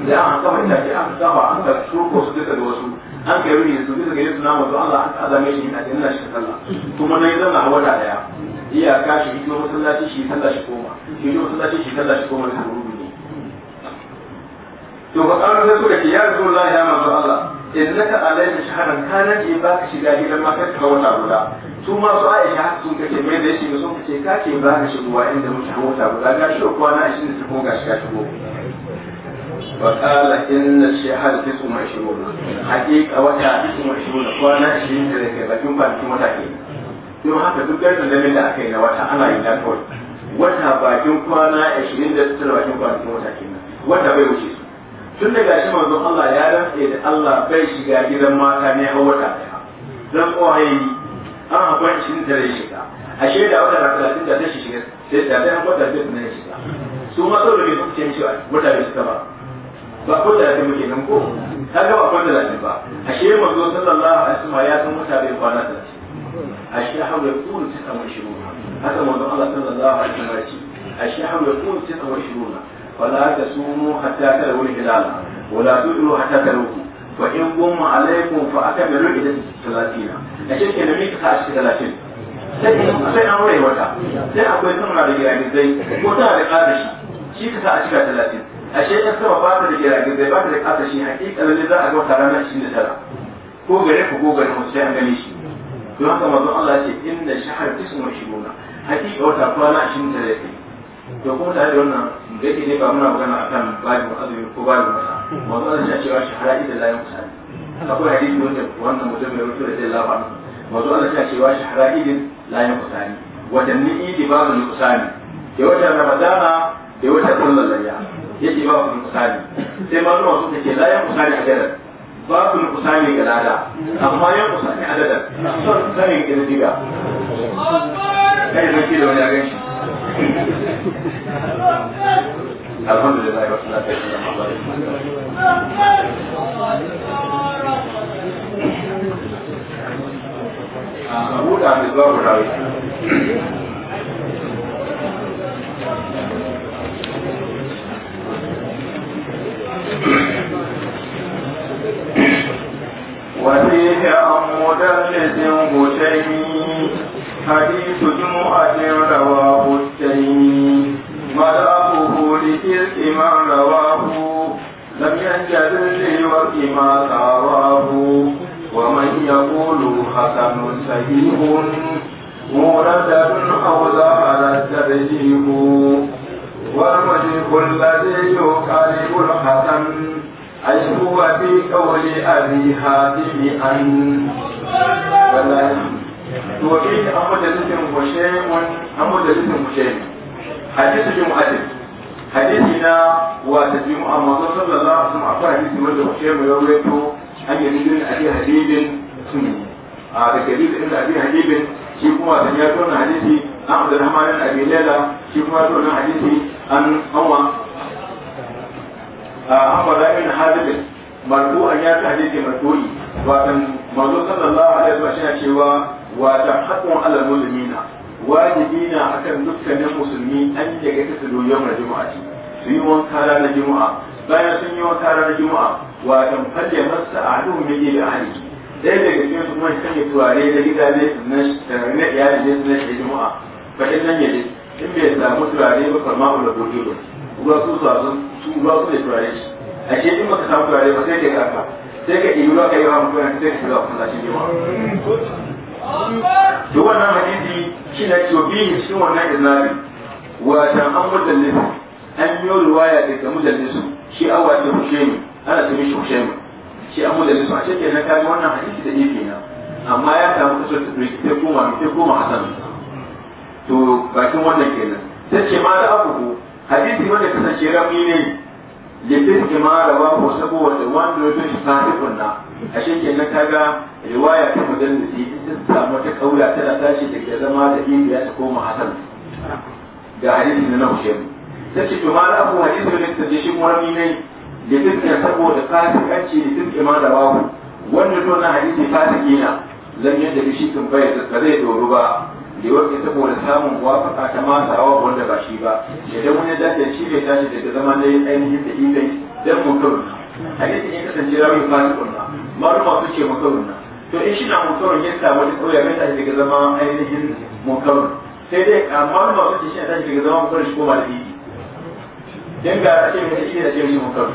da an an an su duka da wasu an kai ruhi su duka gare su na manzon Allah an ta azame shi ina shi sallah kuma nan yana wata daya iyaka shi hito masallaci shi sallah shi koma hito masallaci shi sallah shi koma da rubu ne to ba ƙarar sai suka ce ya mazu Allah ya na Allah innaka da shaharar kana ke ba ka shiga gidan matar ka wata guda su ma su haka sun kace mai da shi sun kace ka ke ba ka shigowa inda muke wata guda ga shi kwana 20 ko ga shi ka shigo وقال إن الشهر تسع وعشرون حقيقة وتع تسع وعشرون وأنا عشرين ذلك لكن بعد كم تحكي don haka duk garin da da aka yi na wata ana yi na wata bakin kwana ashirin da tara bakin kwana cikin wata kenan wata bai wuce su tun daga shi manzon Allah ya rantse da Allah bai shiga gidan mata ne a wata daya zan kohayi an haɓar ashirin da rai shiga ashe da wata da talatin da zai shiga sai da zai haɓar da zai kuma ya shiga su ma sau da bai kuma cikin cewa wata bai suka ba ba ko da zai muke nan ko ta gaba ko da zai ba ashe manzo sallallahu alaihi wasallam ya san wata bai kwana da talatin الشحم يكون 29 هذا ما قال صلى الله عليه وسلم الشحم يكون 29 فلا تصوموا حتى تلوا الهلال ولا تؤلوا حتى تلوه فإن قم عليكم فأكملوا إلى 30 أشياء كنا ميك خاش 30 sai an rai wata sai akwai samura da giragizai ko tana da ƙarashi shi ka sa a cika talatin shi in sama ba ta da giragizai ba ta da ƙarashi hakika za a ga wata ranar tara. ko gare ku ko gare mu sai an gane shi don haka manzon Allah ya ce inna shahar ismu shiruna hakika wata kwana ashirin da yake Da kuma tare da wannan da yake ne ba muna magana akan babu azumi ko babu masa manzon Allah ya ce wa shahara ida la yusa akwai hadisi wanda wannan mutum ya rubuta da Allah ba manzon Allah ya ce wa shahara ida la yusa watanni idi ba kusa yusa da watan ramadana da watan sallar layya yake kusa yusa sai manzon Allah ya ce la yusa a jarar. ba ku da kusani ga lada amma ya kusani adadin son sanin ƙirƙiga kai zaki da wani ya gan shi alhamdulillah wa salatu wa salam abu da mai zuwa rawi Thank you. وفيه عن مدرس هشيم حديث جمعة رواه التيمي مذهبه لتلك من رواه لم ينجد لوقت ما ساراه ومن يقول حسن سيئ مورد أو ظهر الترجيح والوجه الذي يقارب الحسن أشكو في قول أبي هذه أن والله to bi amudalisin hushain wa amudalisin hushain hadisi bin adil hadisi na wa ta bi muhammadu sallallahu alaihi akwai hadisi wanda hushain mu yau yato an yi nijin hadibin sun a da gari da inda abi hadibin shi kuma da ya tona hadisi an abdurrahman abi lela shi kuma tona hadisi an amma za hamada ibn hadid marfu an ya ta hadisi marfu'i watan manzo sallallahu alaihi wasallam yana cewa wa ta haqqun ala muslimina wajibi na akan dukkanin musulmi an da ya kasu doyon na ce. su yi wanka ranar juma'a bayan sun yi wanka ranar juma'a watan falle masa a hadu mai gida ahli ɗaya daga cikin su kuma yi turare da gida gidaje na iyali ne na shi juma'a fa in nan yaje in bai samu turare ba farma ula bujuru ruwa su su shi ruwa su da turare shi a ke in baka samu turare ba sai ka yi haka sai ka ɗibi ruwa ka yi wa mutum sai ka shiga kuma shi yawa duk wannan hadisi shi na cewa bihi cikin wannan islami wata an mujallisu an yi ruwaya daga mujallisu shi awa ce mu, ana ce mishi mu. shi an mujallisu a cikin na kaga wannan hadisi da ifi na amma ya samu kusur ta turki sai koma sai koma hasan to bakin wannan kenan sai ce ma da abubu hadisi wanda kasance rami ne lifin kimara ba ko saboda wanda ya bin shi sahibun na a shekin na kaga riwaya ta magana da in ta samu ta kaula tana tashi da ke zama da indiya ta koma hasan ga hadisi na naushe ta ce kimara abu hadisi wanda kasance shi rami ne lifin kimara saboda fasikanci lifin kimara ba wanda to na hadisi fasiki na zan yadda shi kan bayar da zai doru ba da yau saboda samun wafaka ta masa awa wanda ba shi ba idan wani dace shi bai tashi daga zama na yin ainihin da ilai dan mutum hadisi ya kasance ba fasikun na ma su ce mutum na to in shi na mutum ya samu da kawai ya tashi daga zama ainihin mutum sai dai amma ma su ce shi na tashi daga zama mutum shi koma da ilai dan ga a ce mai shi da ce shi mutum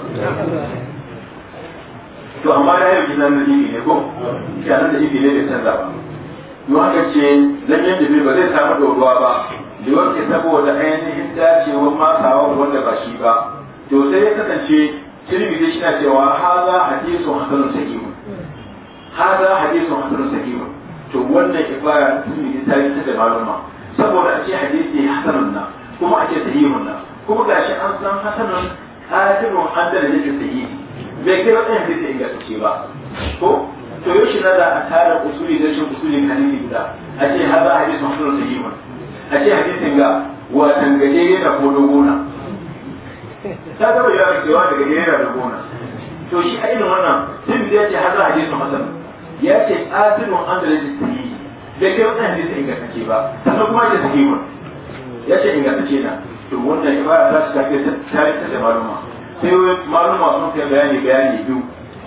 to amma ya yi nan da ilai ne ko shi a da ilai ne bai canza ba yawanka ce lam yadda ba zai samu doruwa ba liwarki saboda ainihin dacewar masawa wanda ba shi ba to sai ya kasance tirmidhi shi shina cewa haza hadisun hasanun sahihu haza hadisun hasanun sahihu to wannan ibara tirmidhi ta yi ta da maluma saboda a ce hadisi hasanun na kuma a ce sahihun na kuma gashi an san hasanun qatilun hadda da yake sahihi bai kai wannan hadisi ingantacce ba ko to yau shi za a tara usuli da shi usulin hadisi guda a ce har za a hadisi masu da yiwa a ce hadisin ga watan gajere na ko dogona ta gaba ya ga cewa da gajere da dogona to shi a irin wannan sun ya ce har za a hadisi hasan ya ce asirin an da lajin su yi da ke wannan hadisi ingantacce ba sannan kuma ya su yiwa ya ce ce na to wannan ibara ta shi ta kai ta da maluma sai maluma sun kai bayani bayani biyu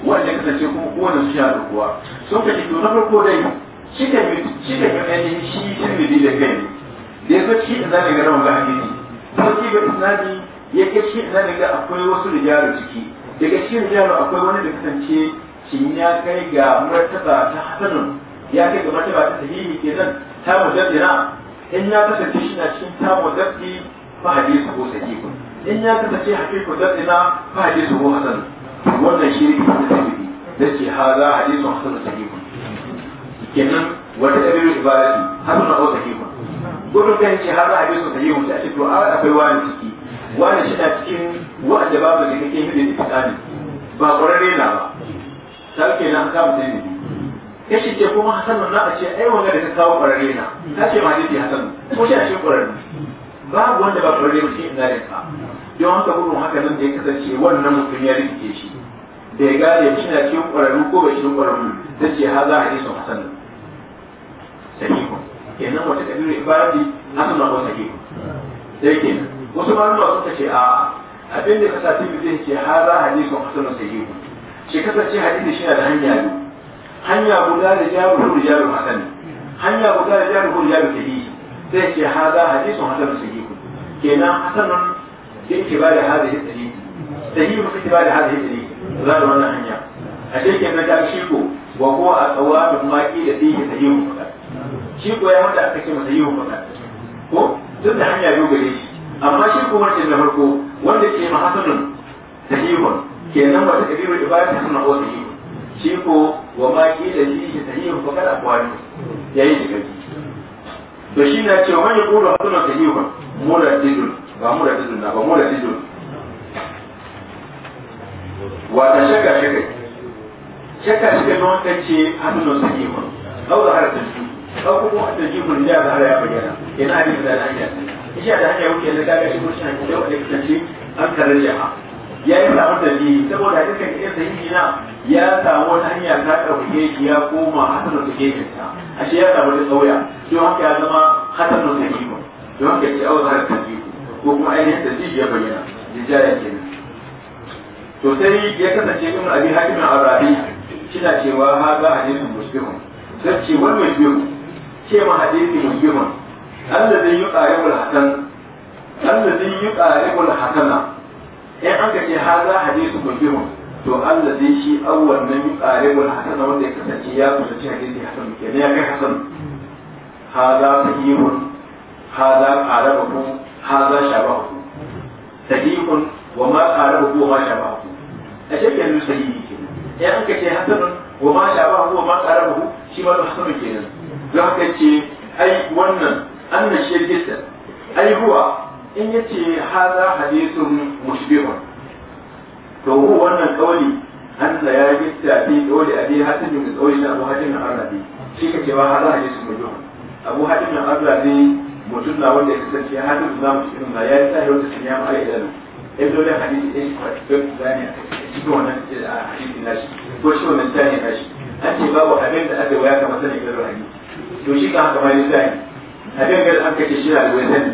wanda ya kasance kuma kowane su yaro kuwa sun ka to na farko dai shi ka shi ka shi da kai da shi ga ga hadisi ko shi ga isnadi ya ke shi da ga akwai wasu ciki daga shi akwai wani da kasance ya kai ga martaba ta hasanun ya kai ga martaba ta sahihi kenan ta in ya kasance shi na cikin ta mujaddi fa hadisi ko sahihi ko hasanun wannan shi ne da tirmidhi yace hada hadithun hasan sahih kenan wata na ibadati hasan ko sahih gudun kan ce hada hadithun sahih sai ake to akwai wani ciki wani shi da cikin wa'anda babu da kake da itikadi ba ƙwararre na ba ta ke nan ka mutum ne ya shi ke kuma hasan na a ce ai wanga da ka kawo ƙwararre na ta ce ma jiki hasan ko shi a ce ƙwararre babu wanda ba ƙwararre ba shi ina da ka don haka gudun haka nan da ya kasance wannan mutum ya rikice shi da ya gane shi na cikin ƙwararru ko bai cikin ƙwararru ta ce ha za a yi sun hasan sahihun kenan wata kabiru ibadi hasan na ko sahihun sai kenan wasu malama suka ce a abin da kasa tibi zai ce ha za a yi sun hasan sahihun shi kasance hadisi shi na da hanya biyu hanya guda da jaru ko jaru hasan hanya guda da jaru ko jaru sahihi sai ce ha za a yi sun hasan sahihun kenan hasanun yake ba da hadisi sahihi sahihi ba da hadisi sahihi za a wannan hanya a shekin na ta shi ko wa ko a tsawabin maki da ɗaya ta yi hukuka shi ko ya wanda aka ce masa yi hukuka ko duk da hanya biyu gare shi amma shi ko wancan na farko wanda ke mahasanun ta yi hukun kenan wata kabilar ibada ta suna wata yi shi ko wa maki da ɗaya ta yi hukuka da akwai ya yi shiga to shi na cewa wani ko da hasunan ta yi hukun mura didun ba mura didun na ba mura didun wata shaka shaka shaka shaka na wanda ce hannun su ne ma au da har tattu au kuma wanda jibin da har ya bayyana ina hadisi da hanya isha da hanya wuce da kaga shi mutum ne da wanda kasance an karar jama'a ya yi samun dalili saboda dukkan iya sahihi na ya samu wata hanya ta ɗauke shi ya koma hasanar su gefen ta ashe ya samu da sauya don haka ya zama hasanar sahihi don haka ce au da har tattu ko kuma ainihin da ya bayyana ya kenan to sai ya kasance ibn abi hakim al-arabi shina cewa hada hadisin muslimun sai ce wal muslimun ce ma hadisi muslimun alladhi yuqaribul hasan alladhi yuqaribul hasana in aka ce hada hadisin muslimun to alladhi shi awwal man yuqaribul hasana wanda ya kasance ya kusanci hadisi hasan kenan ya kai hasan hada sahihun hada qarabahu hada shabahu sahihun wa ma qarabahu ma shabahu a shi kenan sahihi eh, kenan ya an kace hasanun wa ma sha ba huwa ma tsara qarabahu shi ma hasanu kenan don haka ce ai wannan annan shi gisa ai huwa in yace hadha hadithun mushbihun to hu wannan kauli anna ya gisa fi kauli abi hasan min kauli na abu hasan al-arabi shi ka kace wa hadha hadithun mushbihun abu hasan al-arabi mutum na wanda ya kasance hadithun zamu cikin ya yi sa yau da cikin ya ma'aikata ibn hadith ɗin kwatattu zaniya cikin wannan eh, hadisi nashi ko shi wannan tani nashi an ce babu abin da aka waya kamar sanin irin to shi kan haka mai tani abin da an kace shi da wai sani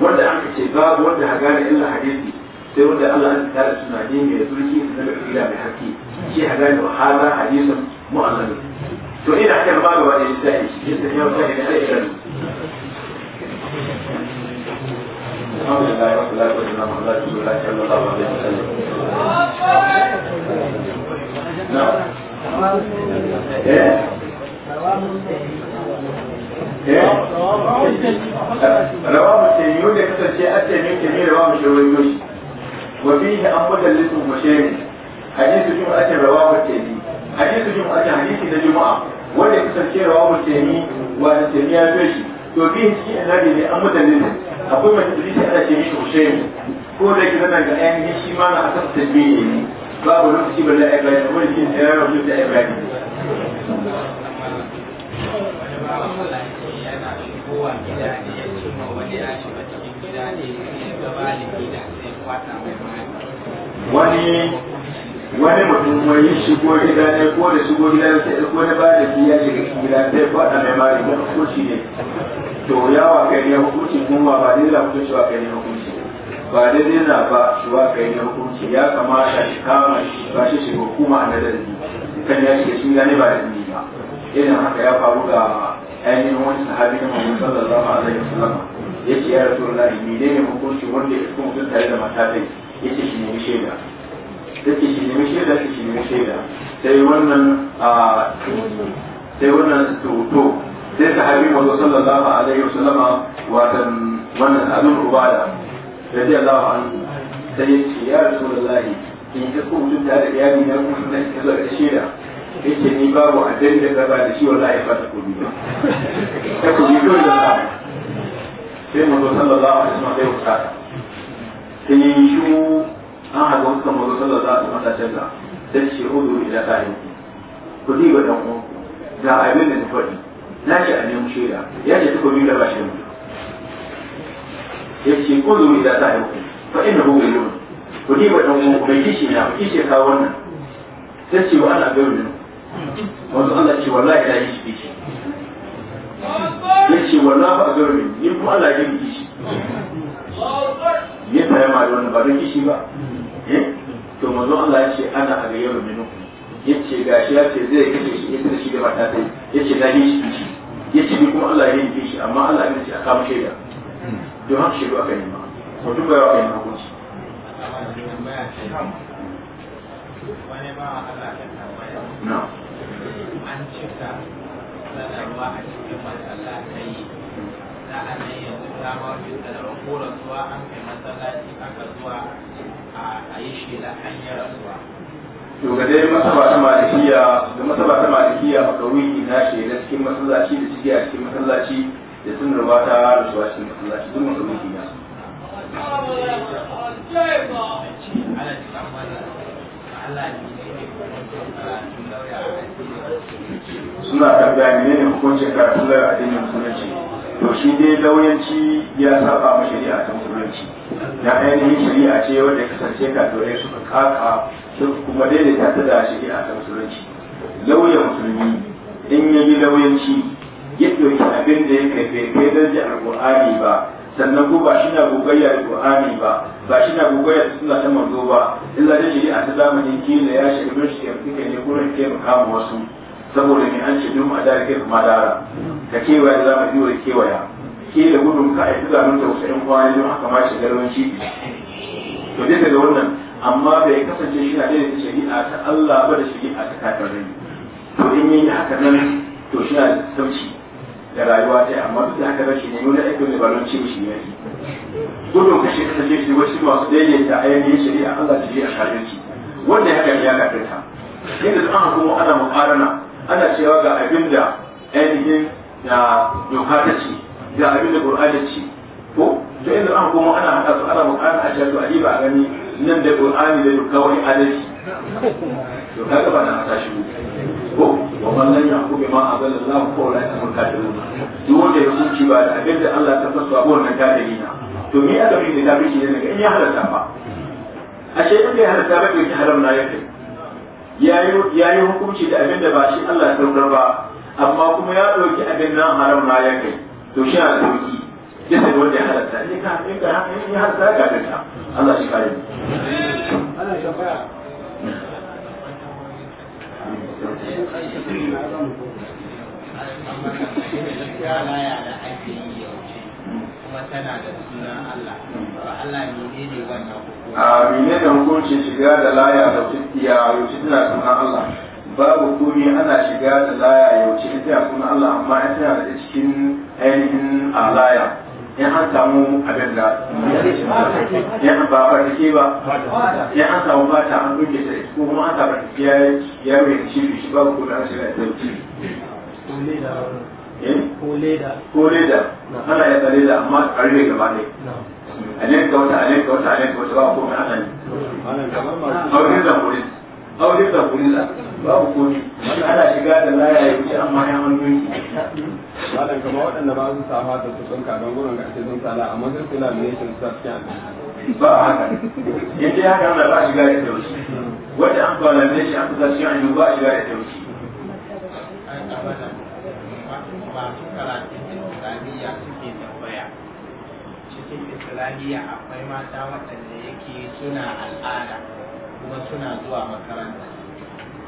wanda an kace babu wanda hagana illa hadisi sai wanda Allah an tsara suna ne mai zurfi da na ila mai haƙi shi hagana wa hada hadisin mu'allami to ina haka babu wani tani ne a الحمد لله رب العالمين والصلاة والسلام على الله عليه وسلم نعم ايه رواه مسلميون يكتشي أتي من كمية رواه مشرويوش وفيه أنبت لسم مشاري حديث جمعة رواه التيمي حديث جمعة حديث الجمعة ولا يكتشي رواه التيمي وأن التيمي يفشي وفيه شيء الذي أنبت لسم akwai mai tsirisi ana ce mishi hussein ko da yake zana ga ainihin shi ma na asan tasbihi ne ba a wani lokaci balle a ibrahim kuma da shi ne ya rabu da ibrahim wani wani mutum yi shigo gida ne ko da shigo gida ne sai ko na ba da biya ne ga gida sai faɗa mai mari ko shi ne to yawa kai ne hukunci ma ba dai da hukunci ba kai ne hukunci ba dai dai na ba shi ba kai ne hukunci ya kamata shi kama shi ba shi shi hukuma a nadar da kan ya shi shi ne ba da ni ba irin haka ya faru ga ainihin wani sahabi na Muhammad sallallahu alaihi wasallam yace ya rasulullahi ni ne hukunci wanda ya kuma mutum tare da mata dai yace shi ne shaida yake shi nemi shaida shi nemi shaida sai wannan a ah, sai wannan toto sai sahabi manzo sallallahu alaihi wasallama watan wannan abin ubada radiyallahu an sai ya ce ya rasulullahi in ka so mutum da iyali na kuma nan ka zo da Ya yake ni babu abin da gaba da shi wallahi ba ta kudi ba ta kudi ko da ba sai manzo sallallahu alaihi wasallam ya kusa sai shi an haɗa wasu manzo sallallahu alaihi wasallam ta ce shi hudu ila kai kudi ba dan ku Da abin da ta faɗi na ce a nemi shaida ya ce tuko biyu da ba shi mutu ya ce kullu da za a yi fa inna hu ghayru ku ji ba ku bai kishi na ku wannan ce wa bai rubu wanzu Allah ce kishi ya ce ba bai rubu ni kuma Allah ya yi kishi ya tare ma da wannan ba dan kishi ba eh? to manzo Allah ya ce ana a ce ya ce zai shi ya ce ya ce kuma Allah ya yanke shi amma Allah ya ce a kama shaida don haka shaidu aka nema mutum bai wa kai hukunci wani ba Allah ya tambaya na an cika sanarwa a cikin masallatai sa'annan yanzu ta ma wajen sanarwa ko rasuwa an kai masallaci aka zuwa a yi shi da hanyar rasuwa to ga dai masaba ta malikiya da masaba ta malikiya makawi na shi da cikin masallaci da ciki a cikin masallaci da sun rubata da su a cikin masallaci duk makawi na suna tambaya ne ne hukuncin karatun lauya a dinin musulunci to shi dai lauyanci ya saba ma a ta musulunci na ainihin shari'a ce wadda ya kasance kafirai suka kaka sun kuma daidaita ta da shi a ta musulunci lauyan musulmi in ya yi lauyanci ya ɗauki abin da ya kai bai kai darajar alƙur'ani ba sannan ko ba shi na gogayya da Qur'ani ba ba shi na gogayya da suna ta manzo ba illa da shi a ta zamanin kila ya shi ibn shi kike ne gurin ke makamu wasu saboda ne an ce dum adar ke kuma dara ka kewaya za mu yi kewaya ke da gudun ka ai ta zamanin tausayin kwanan haka ma shi garwanci to dai daga wannan amma bai kasance shi na daidai da shari'a ta Allah ba da shari'a ta kafirai to in yi haka nan to shi na sauci da rayuwa ta amma duk da haka nan shi ne nuna aiki ne ba don ci shi ne gudun kashe kasance shi wasu masu daidaita ainihin shari'a Allah a shari'a kafirci wanda haka ya kafirta inda su aka kuma ana mukarana ana cewa ga abin da ainihin da doka ta ce ga abin da ta ce ko to inda an kuma ana haka su ana mukarana a cewa to a ba a gani nan da qur'ani da kawai adalci to kaga ba na tashi ko wa man lam yahkum bima anzala Allah fa ulaika hum kafirun to wanda ya hukunci ba da abin da Allah ta fasa ko wannan kafiri na to me aka yi da biki ne ga in ya halatta ba A ashe in ya halatta ba ke haram na yake yayi yayi hukunci da abin da ba shi Allah ya saukar ba amma kuma ya dauki abin nan haram na yake to shi a dauki Allah shi kare mu kuma tana da sunan Allah ne a da hukunci shiga da laya da fitiya yauci tana sunan Allah babu komi ana shiga da laya yauci ita sunan Allah amma ita tana da cikin ainihin alaya in an samu abin da ya ba ce ba ya an samu bata an duke ta ko kuma an samu ya ya mai cibi shi ba ko dan shi da dauki ko leda ko leda ana ya da leda amma karbe gaba ne a alin ka wata a alin ka wata a alin ka wata ba ko mai anan ne haurin da murid aure da kulla babu komi wannan ana shiga da laya ya wuce amma ya hannu malam kamar waɗanda ba su safa da su sun kagan gurin ga ce sun sala amma sun sila ne shi sa cikin ba haka yace haka ana ba shiga da tausi wanda an fara ne shi an fara shi an ba shiga da tausi masu karatun islamiyya suke tambaya cikin islamiyya akwai mata waɗanda yake suna al'ada kuma suna zuwa makaranta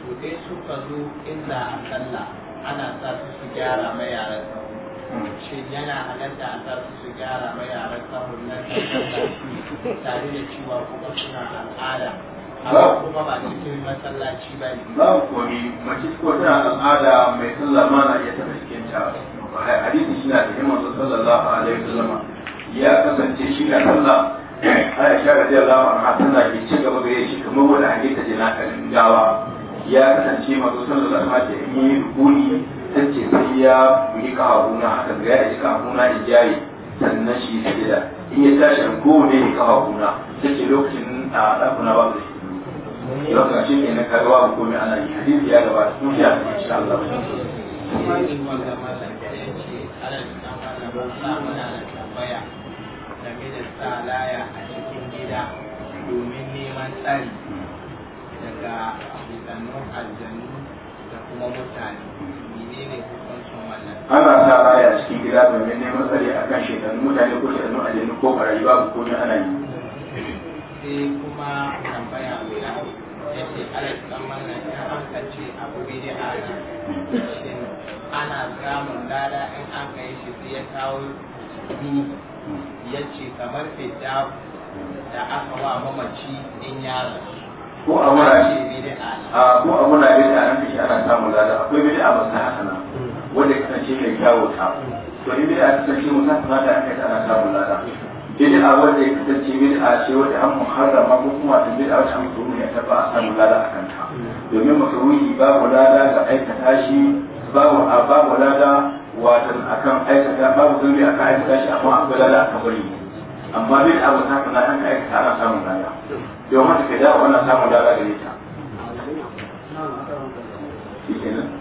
to dai suka zo inda a sallah ana sa su su gyara ma yaran sahu shin yana halatta a sa su su gyara ma yaran sahu na tare da cewa kuma suna al'ada amma kuma ba cikin masallaci ba ne ba komi mace ko tana al'ada mai sallah ma na iya taɓa cikin ta hadisi shi na da himmatu sallallahu alaihi wasallam ya kasance shi na sallah aisha radiyallahu anha tana ke ci gaba gare shi kamar wani hadisi da na gawa ya kasance masu sallar da ma ke yi rukuni ta ce sai ya yi kahuna haka ga ya yi kahuna ya jari sannan shi sujada in ya tashi an kowane ya kahuna ta ce lokacin a ɗakuna ba su yi. yau ka shi ne na karuwa ko komai ana yi hadisi ya gabata sun sha insha Allah. Kuma ne wanda mata ya ce ana da tambaya game da salaya a cikin gida domin neman tsari daga fitannin aljanu da kuma mutane menene hukuncin wannan ana salaya a cikin gida domin neman tsari akan shekarun mutane ko shekarun aljanu ko barayi babu komai ana yi sai kuma tambaya guda ya ce alex dan mana ya an ce abu ana. Shin ana samun lada in an kai shi sai ya kawo yace kamar fidda da aka wa mamaci in ya ko a wurare a ko a wurare da an fi ana samun lada akwai bid'a a ta hasana wanda ya kasance mai kyawo ta to in a ta kasance mun san da aka ta ana samun lada a wanda ya kasance a ce wanda an muharrama ko kuma ta bid'a wacce an kuma ya taba a samun lada a kanta domin makaruhi babu lada ga aikata shi babu babu lada wato akan aikata babu zuri akan aikata shi amma an gwada da aka bari amma bin abu ta kana kan aikata ana samun lada don haka kai dawo ana samun lada gare ta shi kenan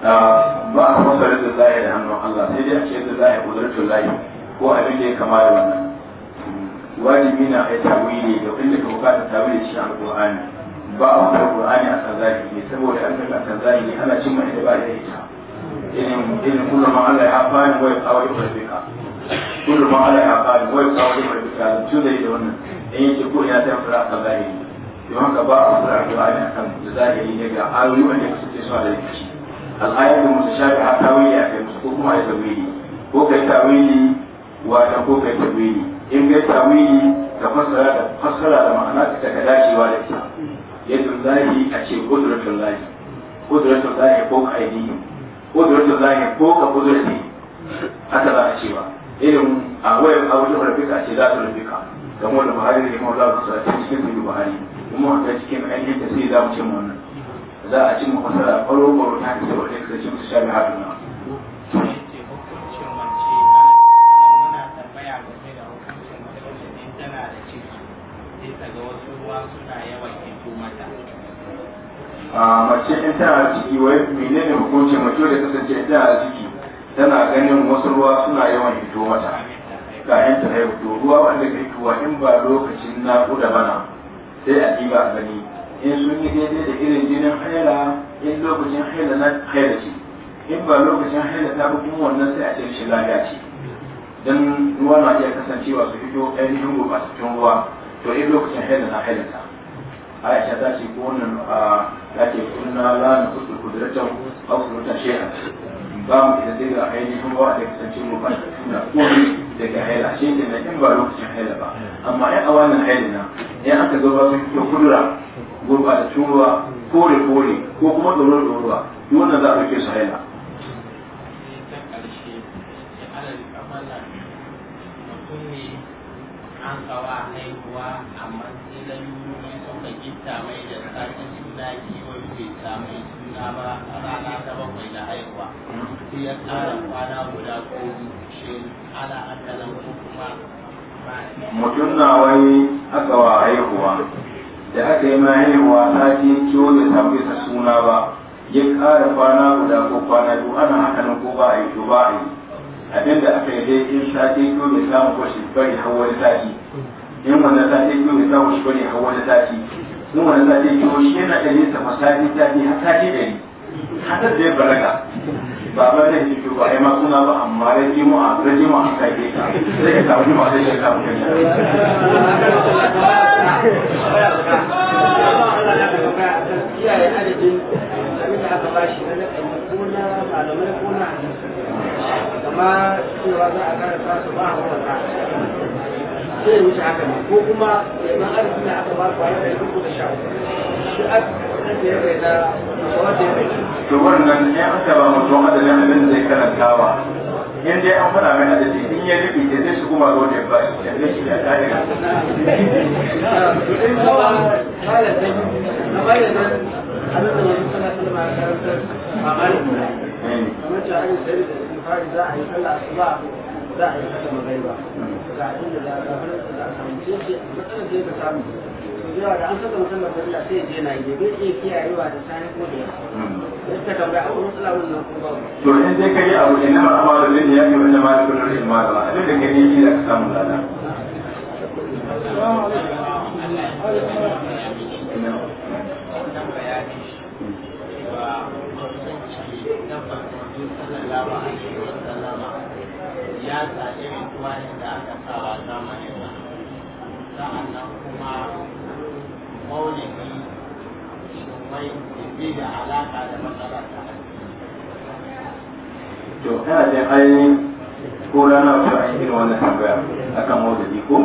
ah, ba a fasarar da da hannun Allah sai dai a ce da zahiri kudurar layi ko abin da ya kama da wannan wajibi na ai tawili da inda ka bukata tawili shi alqur'ani ba a wata qurani a kazali ne saboda an san kazali ne ana cin mai da ba da ita irin irin kullum Allah ya fani wai kawai farbika kullum Allah ya fani wai kawai farbika da tudai da wannan in yake ko ya ta fara kazali ne don ka ba a wata alqur'ani akan da zahiri ne ga ayoyi wanda suke so da shi al'ayatu mutashabiha tawili a kai ko kuma ya tawili ko kai tawili wa ko kai tawili in kai samu da da fassara da ma'ana ta ka dacewa da ita yadda lahi a ce kudratul lahi kudratul lahi ko ka aidi kudratul lahi ko ka kudrati haka za a cewa irin a wayan a wajen rafika a ce za su rafika kamar da buhari da kuma za su sa cikin su buhari kuma a cikin ainihin ta sai za mu ce wannan za a cimma fasara faro-faro ta ce da ta kasance musu shabi haɗu na sai ka ga wasu ruwa suna yawan fito mata a mace in tana ciki wai menene hukunci mace da kasance in tana ciki tana ganin wasu ruwa suna yawan fito mata kayan ta haihu ruwa wanda ke fitowa in ba lokacin na naƙuda bana sai a ɗiba a gani in sun yi daidai da irin jinin haila in lokacin haila na haila ce in ba lokacin haila ta kuma wannan sai a ce shi lafiya ce don ruwa na iya kasancewa su fito ainihin gurɓatattun ruwa to in lokacin haila na haila ta aisha ta ce ko wannan ta ce kunna lana kusur kudu hausa mutan shehan ba mu da ga haila kuma ba da kasance mu ba da tuna ko daga haila shi ne na in ba lokacin haila ba amma ya a wannan haila na ya aka zo ba sun fito kudura da ruwa kore kore ko kuma tsoron ruwa duk wannan za a rike su haila Thank you. an kawa haihuwa amma sai da yuni suka gitta mai da sake suna kiwon bai samu suna ba a rana ta bakwai da haihuwa sai ya tsara kwana guda ko shi ana akalan ko kuma mutum na wani aka wa haihuwa da aka yi ma haihuwa sati kiwo da samu suna ba ya ƙara kwana guda ko kwana biyu ana hakanan ko ba a yi ko ba a yi abinda da aka yi dai in sati biyu mai samu ko bari har wani sati in wannan sati biyu mai samun shi bari har wani sati in wannan sati biyu shi yana da nisa ma sati sati har sati ɗari haka da ya ba ba zai ji ba ai ma suna ba amma da jimo a a kai dai sai ka samu sai ka samu kai kama cewa za a kara sa su ba a wata zai wuce haka ne ko kuma yaman arziki na aka a yadda da sha shi arziki da ya bai na wata ya bai to wannan ne an ba mutum adadin abin da karanta wa. in dai an fara mai adadi in ya rubi da zai su kuma ga wanda ya ba shi da shi ya kare ga na bada da abin da wani sana kalma karantar a malin kuma kamar fari za a yi sallah asuba za a yi sallah magariba ga inda da da da kamce shi matsalar da ka samu to yawa da an saka mutum yi abu in dai kai abu inna yi wannan ma kullu shi ma da abin da kai shi da samu lada assalamu alaikum sallallahu alaihi wa sallama ya sa irin tuwanin da aka sawa zamanin nan sa'annan kuma maulidi wai bi da alaka da matsalar ta to ina jin ainihin ko rana ko an irin wannan tambaya akan maulidi ko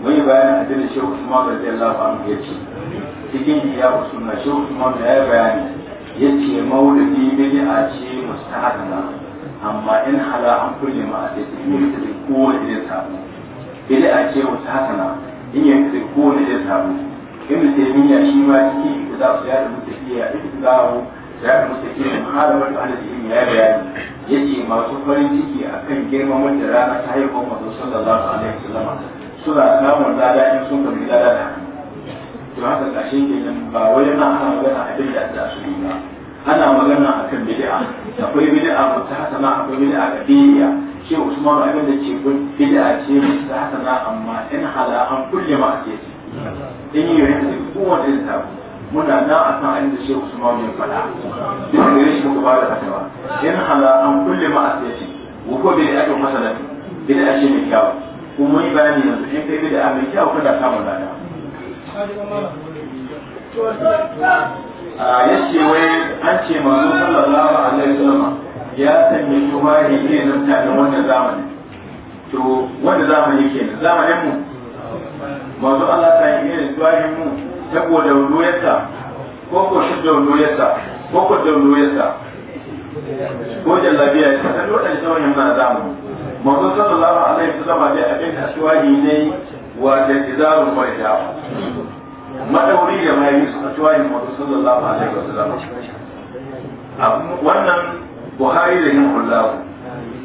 mun yi bayan addinin shehu usman radiyallahu anhu ya ce cikin iya usunna shehu usman ya bayani ya ce maulidi bid'a ce shi mustahabba amma in hala an kulle ma a sai ta yi ta da kowane irin sabo ila a ce wata hasana in yi ta da kowane irin sabo in da sai ya shi ma ciki da za su yada mutafiya ita da zawo ya da mutafiya muhalabar da ahalin ya bayani ya ce masu farin ciki a kan girman wanda rana ta haihuwa masu sallallahu alaihi suna samun lada in sun kalli lada da hannu to haka ƙarshen kenan ba wai yana hana wani abin da ta su ba ana magana a akan bid'a akwai bid'a mutahasana akwai bid'a kadiyya shi Usman abin da ce bid'a ce mutahasana amma in hala an kulle ma ake ce in yi yayin da kowa da ta muna na a san abin da shi Usman ya faɗa duk da shi muka ba da fatawa in hala an kulle ma ake ce wa ko bid'a ta masala bid'a ce mai kyau mun yi bayani yanzu in kai bid'a mai kyau kada samun lada yace wai an ce manzo sallallahu alaihi wasallam ya sanya tumari irin na mutanen wannan zamani to wanda zamani kenan zamanin mu manzo Allah ta yi irin tuwarin mu saboda wuyarsa ko ko shi da wuyarsa ko ko da wuyarsa ko jallabiya ta da wadannan wannan na zamani manzo sallallahu alaihi wasallam da abin da tuwari ne wa da tizarun mai da madauri da mai su a tuwayin mutu sallallahu alaihi wasallam wannan buhari da yin kullahu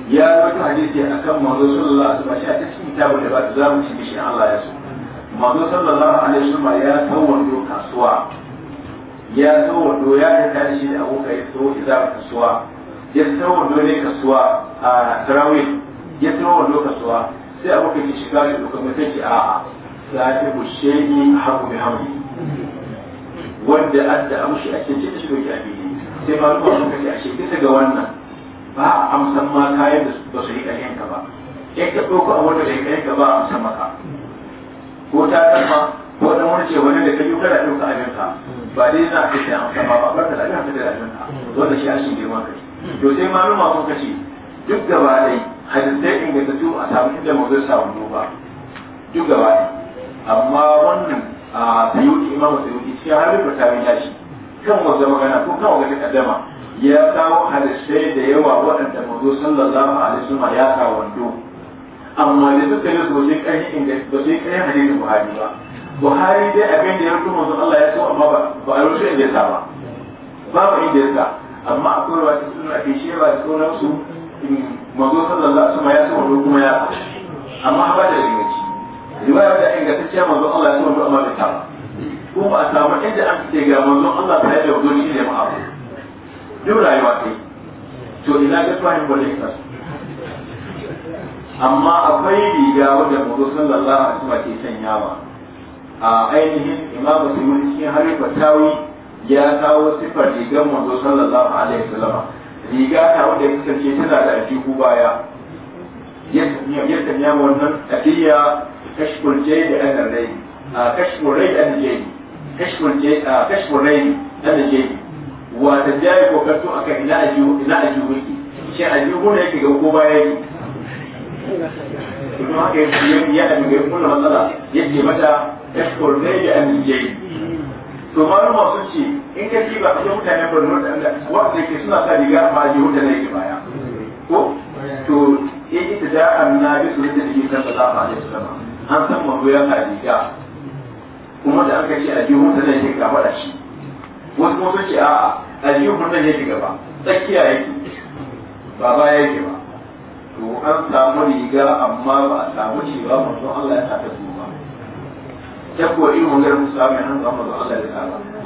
ya wata hadisi a kan mazo sun alaihi su mashi a cikin kitabun da ba ta zamu ci bishin Allah ya so a sallallahu alaihi ma ya tawando kasuwa ya tawando ya ta tashi da ya so idan kasuwa ya tawando ne kasuwa a tarawih ya tawando kasuwa sai abokai ki shiga shi dokan mutunci a'a sahibu shay'i haku bi hamdi wanda adda amshi ake ce da shi a biyu, sai ma ruwa sun kace shi bisa ga wannan ba a amsan ma kayan da ba su yi ƙarfin ka ba in ka ɗauko a wanda bai ƙarfin ka ba a amsan maka ko ta dama ko dan wani ce wani da kai yi kada ɗauka abin ka ba dai za a ce amsan ma ba ba ka da abin ka da abin ka wanda shi shi girma kai to sai ma ruwa sun kace duk gaba dai hadisai ingantattu a samu inda mu zai samu ba duk gaba dai amma wannan a sayuti imamu sayuti cikin har da ta yi shi kan wanda magana ko kan wanda kaddama ya kawo hadisai da yawa waɗanda manzo sallallahu alaihi wasallam ya kawo wando amma da suka yi su sai kai inda ba sai kai hadisin Buhari ba Buhari dai abin da ya rubuta manzo Allah ya so amma ba ba a rubuta inda ya sa ba babu inda ya sa amma akwai wata suna ke shi ba sunan su manzo sallallahu alaihi wasallam ya so kuma ya amma ba da rigaci riwaya da ingantacciya manzon Allah ya kuma amma da ta ko ba a samu inda an ce ga manzon Allah ta yi da gudu shi ne ma'abu duk rayuwa ta yi to ina ga tuwahin ba ne amma akwai riga wadda manzo sallallahu alaihi wasallam ke sanyawa a ainihin imam musulmi cikin harifar tawi ya kawo sifar rigar manzo sallallahu alaihi wasallam riga ta wadda ya kasance tana da aljihu baya yadda ya wannan tafiya كشف الجيد عن الريب كشف الريب عن الجيد كشف الجيد كشف الريب عن الجيد وتجاري وكتو أكا إلى أجيو إلى أجيو شيء أجيو هنا يكي جوكو بايني Ibn haka ya ɗan ga kuna matsala yake mata kashfur ne da aminjai. To malama sun ce in ka ba a mutanen Borno da wanda ke suna sa riga amma a jihuta ne baya. Ko? To in ita da amina bisu da take kan da za a alaihi sallama. an san magoyan hadisa kuma da aka ce aljihun mun zai gaba da shi wasu mun ce a'a aljihun mun zai shiga gaba tsakiya yake ba baya yake ba to an samu riga amma ba a samu cewa manzon Allah ya sa ta su ba ta ko irin wangar musu mai an samu da Allah ya sa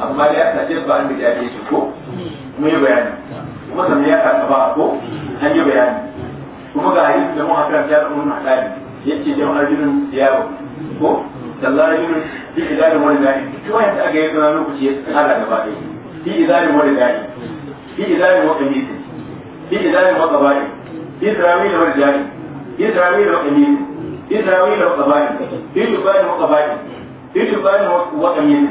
amma da ya sace ba an da ya ce ko mun yi bayani kuma sanin ya ka ba ko an yi bayani kuma ga yi da mun hakan ta da mun hadari yake jan arjunin yaro ko dalla arjunin bi idan wani dai duk wani da aka yi tsana lokaci ya tsara gaba ɗaya bi idan wani dai bi idan wani kamisi bi idan wani gabaɗi da wani dai isra'ila wani kamisi isra'ila wani gabaɗi bi yubani wani gabaɗi bi yubani wani kamisi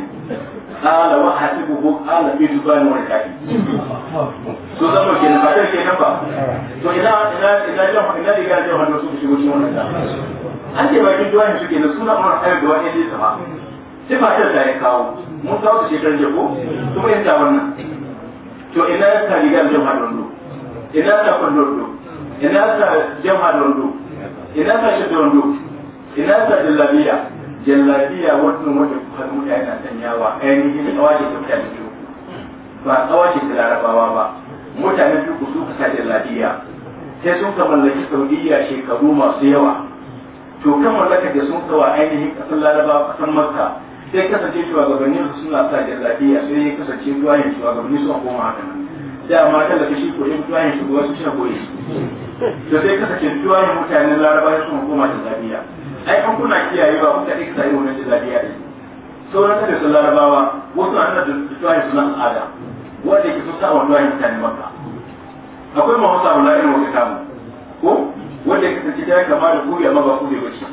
قال وحسبه قال إجبان والكافي to zama ke nan ba kai ke nan ba to ina ina ina jan ina riga jan wannan su shigo cikin wannan an ce bakin duwayen suke na suna umar ayar duwa ne zai sama sai fatar da ya kawo mun kawo su shekarar jago su mai ta wannan to ina ta riga jan wannan ina ta ina ta ina ta shi ina ta jallabiya wannan wanda kuka mutane na sanyawa ainihin tsawace mutane biyu ba tsawace da larabawa ba mutane biyu su ka sa jallabiya sai sun ka mallaki saudiya shekaru masu yawa to kan mallaka da sun tsawa ainihin kasar larabawa kasar makka sai kasance shugabanni su suna sa jallabiya sai ya kasance duwayen shugabanni su a koma haka nan da ma tallafi shi ko in duwayen shugaba su shi a koyi to sai kasance duwayen mutanen larabawa sun koma jallabiya ai an kuna kiyaye ba kuka ɗin sai wannan jin daɗi ya yi sauran kada sun larabawa wasu na nan da tuwaye suna al'ada wanda ke sun sa wa tuwaye mutane maka akwai mahausa wala irin wata kamu ko wanda ya kasance ta kama da kuri amma ba kuri ba shi.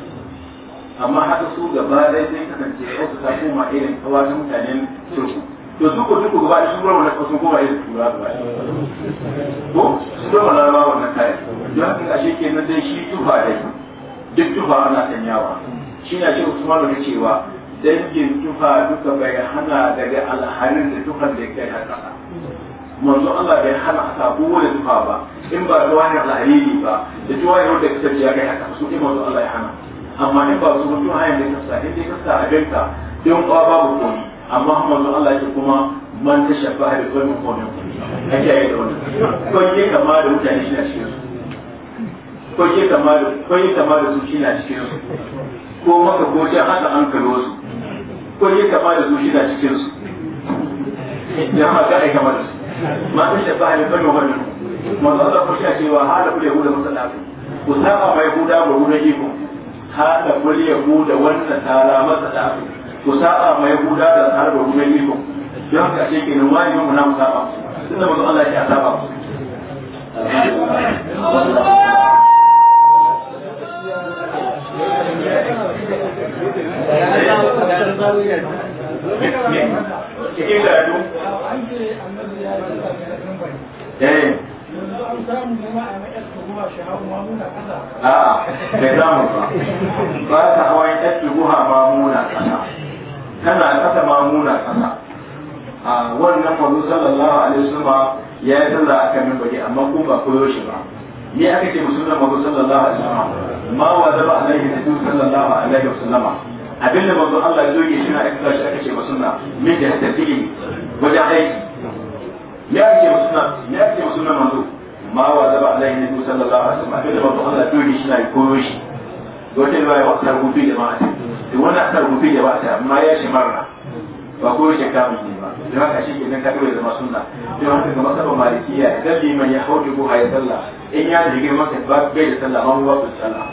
amma haka su gaba dai sai kasance ya wasu ta koma irin kawa ta mutanen turku to su ko duku gaba da su gurwa wannan sun koma irin tura gaba ko su gurwa larabawa wannan kayan don haka ashe kenan dai shi tufa dai duk tufa ana sanyawa shi ne ce kuma da cewa dangin tufa duka bai hana daga alharin da tufan da kai haka manzo Allah bai hana a sabo da tufa ba in ba tuwahin alhariri ba da tuwahin da ka tafiya kai haka su ne manzo Allah ya hana amma in ba su mutu hanyar da kasa in dai kasa a ganka don kwa babu komi amma manzo Allah ya kuma man ta shafa da kwanin kwanin ake yi da wani kwanke kama da mutane shi na cikin ko ke kama da su shi na cikin su ko maka ko ta haka an kalo su ko ke da su shi na cikin su ya ma ka aika mana ma ta shabba halin kan wannan manzo Allah ko shi cewa hala ku yahuda musallafi ku saba mai huda ba huda iko hala ku yahuda wannan tara masa da ku saba mai huda da tara ba huda iko don ce shi kenan wani mun na musaba tunda manzo Allah ya saba Thank you. a'a bai ba ah, tana kasa a ah, wannan faru ya yi sallah akan minbari amma kun ba koyo shi ba ni aka ce musulman mabu sallallahu alaihi wasallam ma wajaba alaihi nabi sallallahu alaihi wasallama abinda manzo Allah ya doge shi na aikata shi aka ce ba sunna min da tafili wajen aiki me ake ma sunna me ake ma sunna manzo ma wajaba alaihi nabi sallallahu alaihi wasallama abinda manzo Allah ya doge shi na koyo shi wata ba ya wata rubutu jama'a to wannan rubutu jama'a amma ya shi marna ba ko shi kamun ne ba don haka shi ke nan ta kawai zama sunna don haka ga masaba malikiya idan liman ya hau dubu haya sallah in ya jirgin maka ba bai da sallah ma mu ba su sallah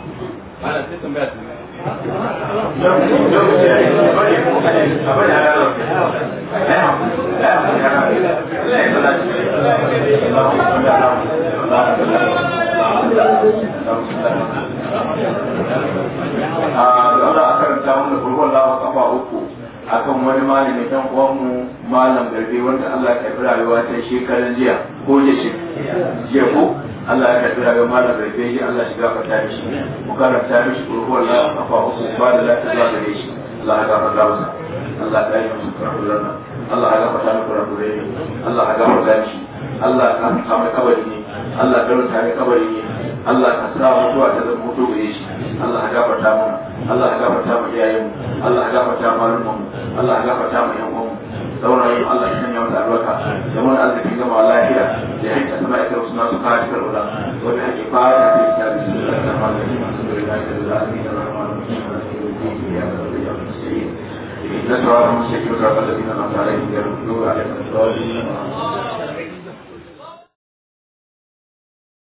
a da akan ta wani gurgun lawa kafa uku akan wani malami dan uwanmu malam garbe wanda Allah ya kira rayuwa ta shekaran jiya ko da shi jiya ko Allah ya kira rayuwa malam garbe shi Allah shi gafarta shi mu karanta ko kurhu Allah afa uku ba da lafiya zuwa da shi Allah ya gafarta shi Allah ya yi musu kurhulana Allah ya gafarta mu kurhulai Allah ya gafarta shi Allah ya kama kabari ne Allah ya karanta kabari ne Allah ka sa mutuwa ta zama mutu gare shi Allah ka gafarta mu Allah ka gafarta mu iyayen Allah ka gafarta mu. Allah ka gafarta mu yan uwan saurayi Allah ya sanya mata albarka da mun arziki gama lafiya da ya ta sama ita wasu nasu kaji karɓa wani haƙi fata ta yi tabi su da ta fara yi masu da rina da zafi da rahama da mutum da su yi ya karɓi ya musayi na tsawarar musayi kyautar da zina na tare da yau da alaikar tsawarar da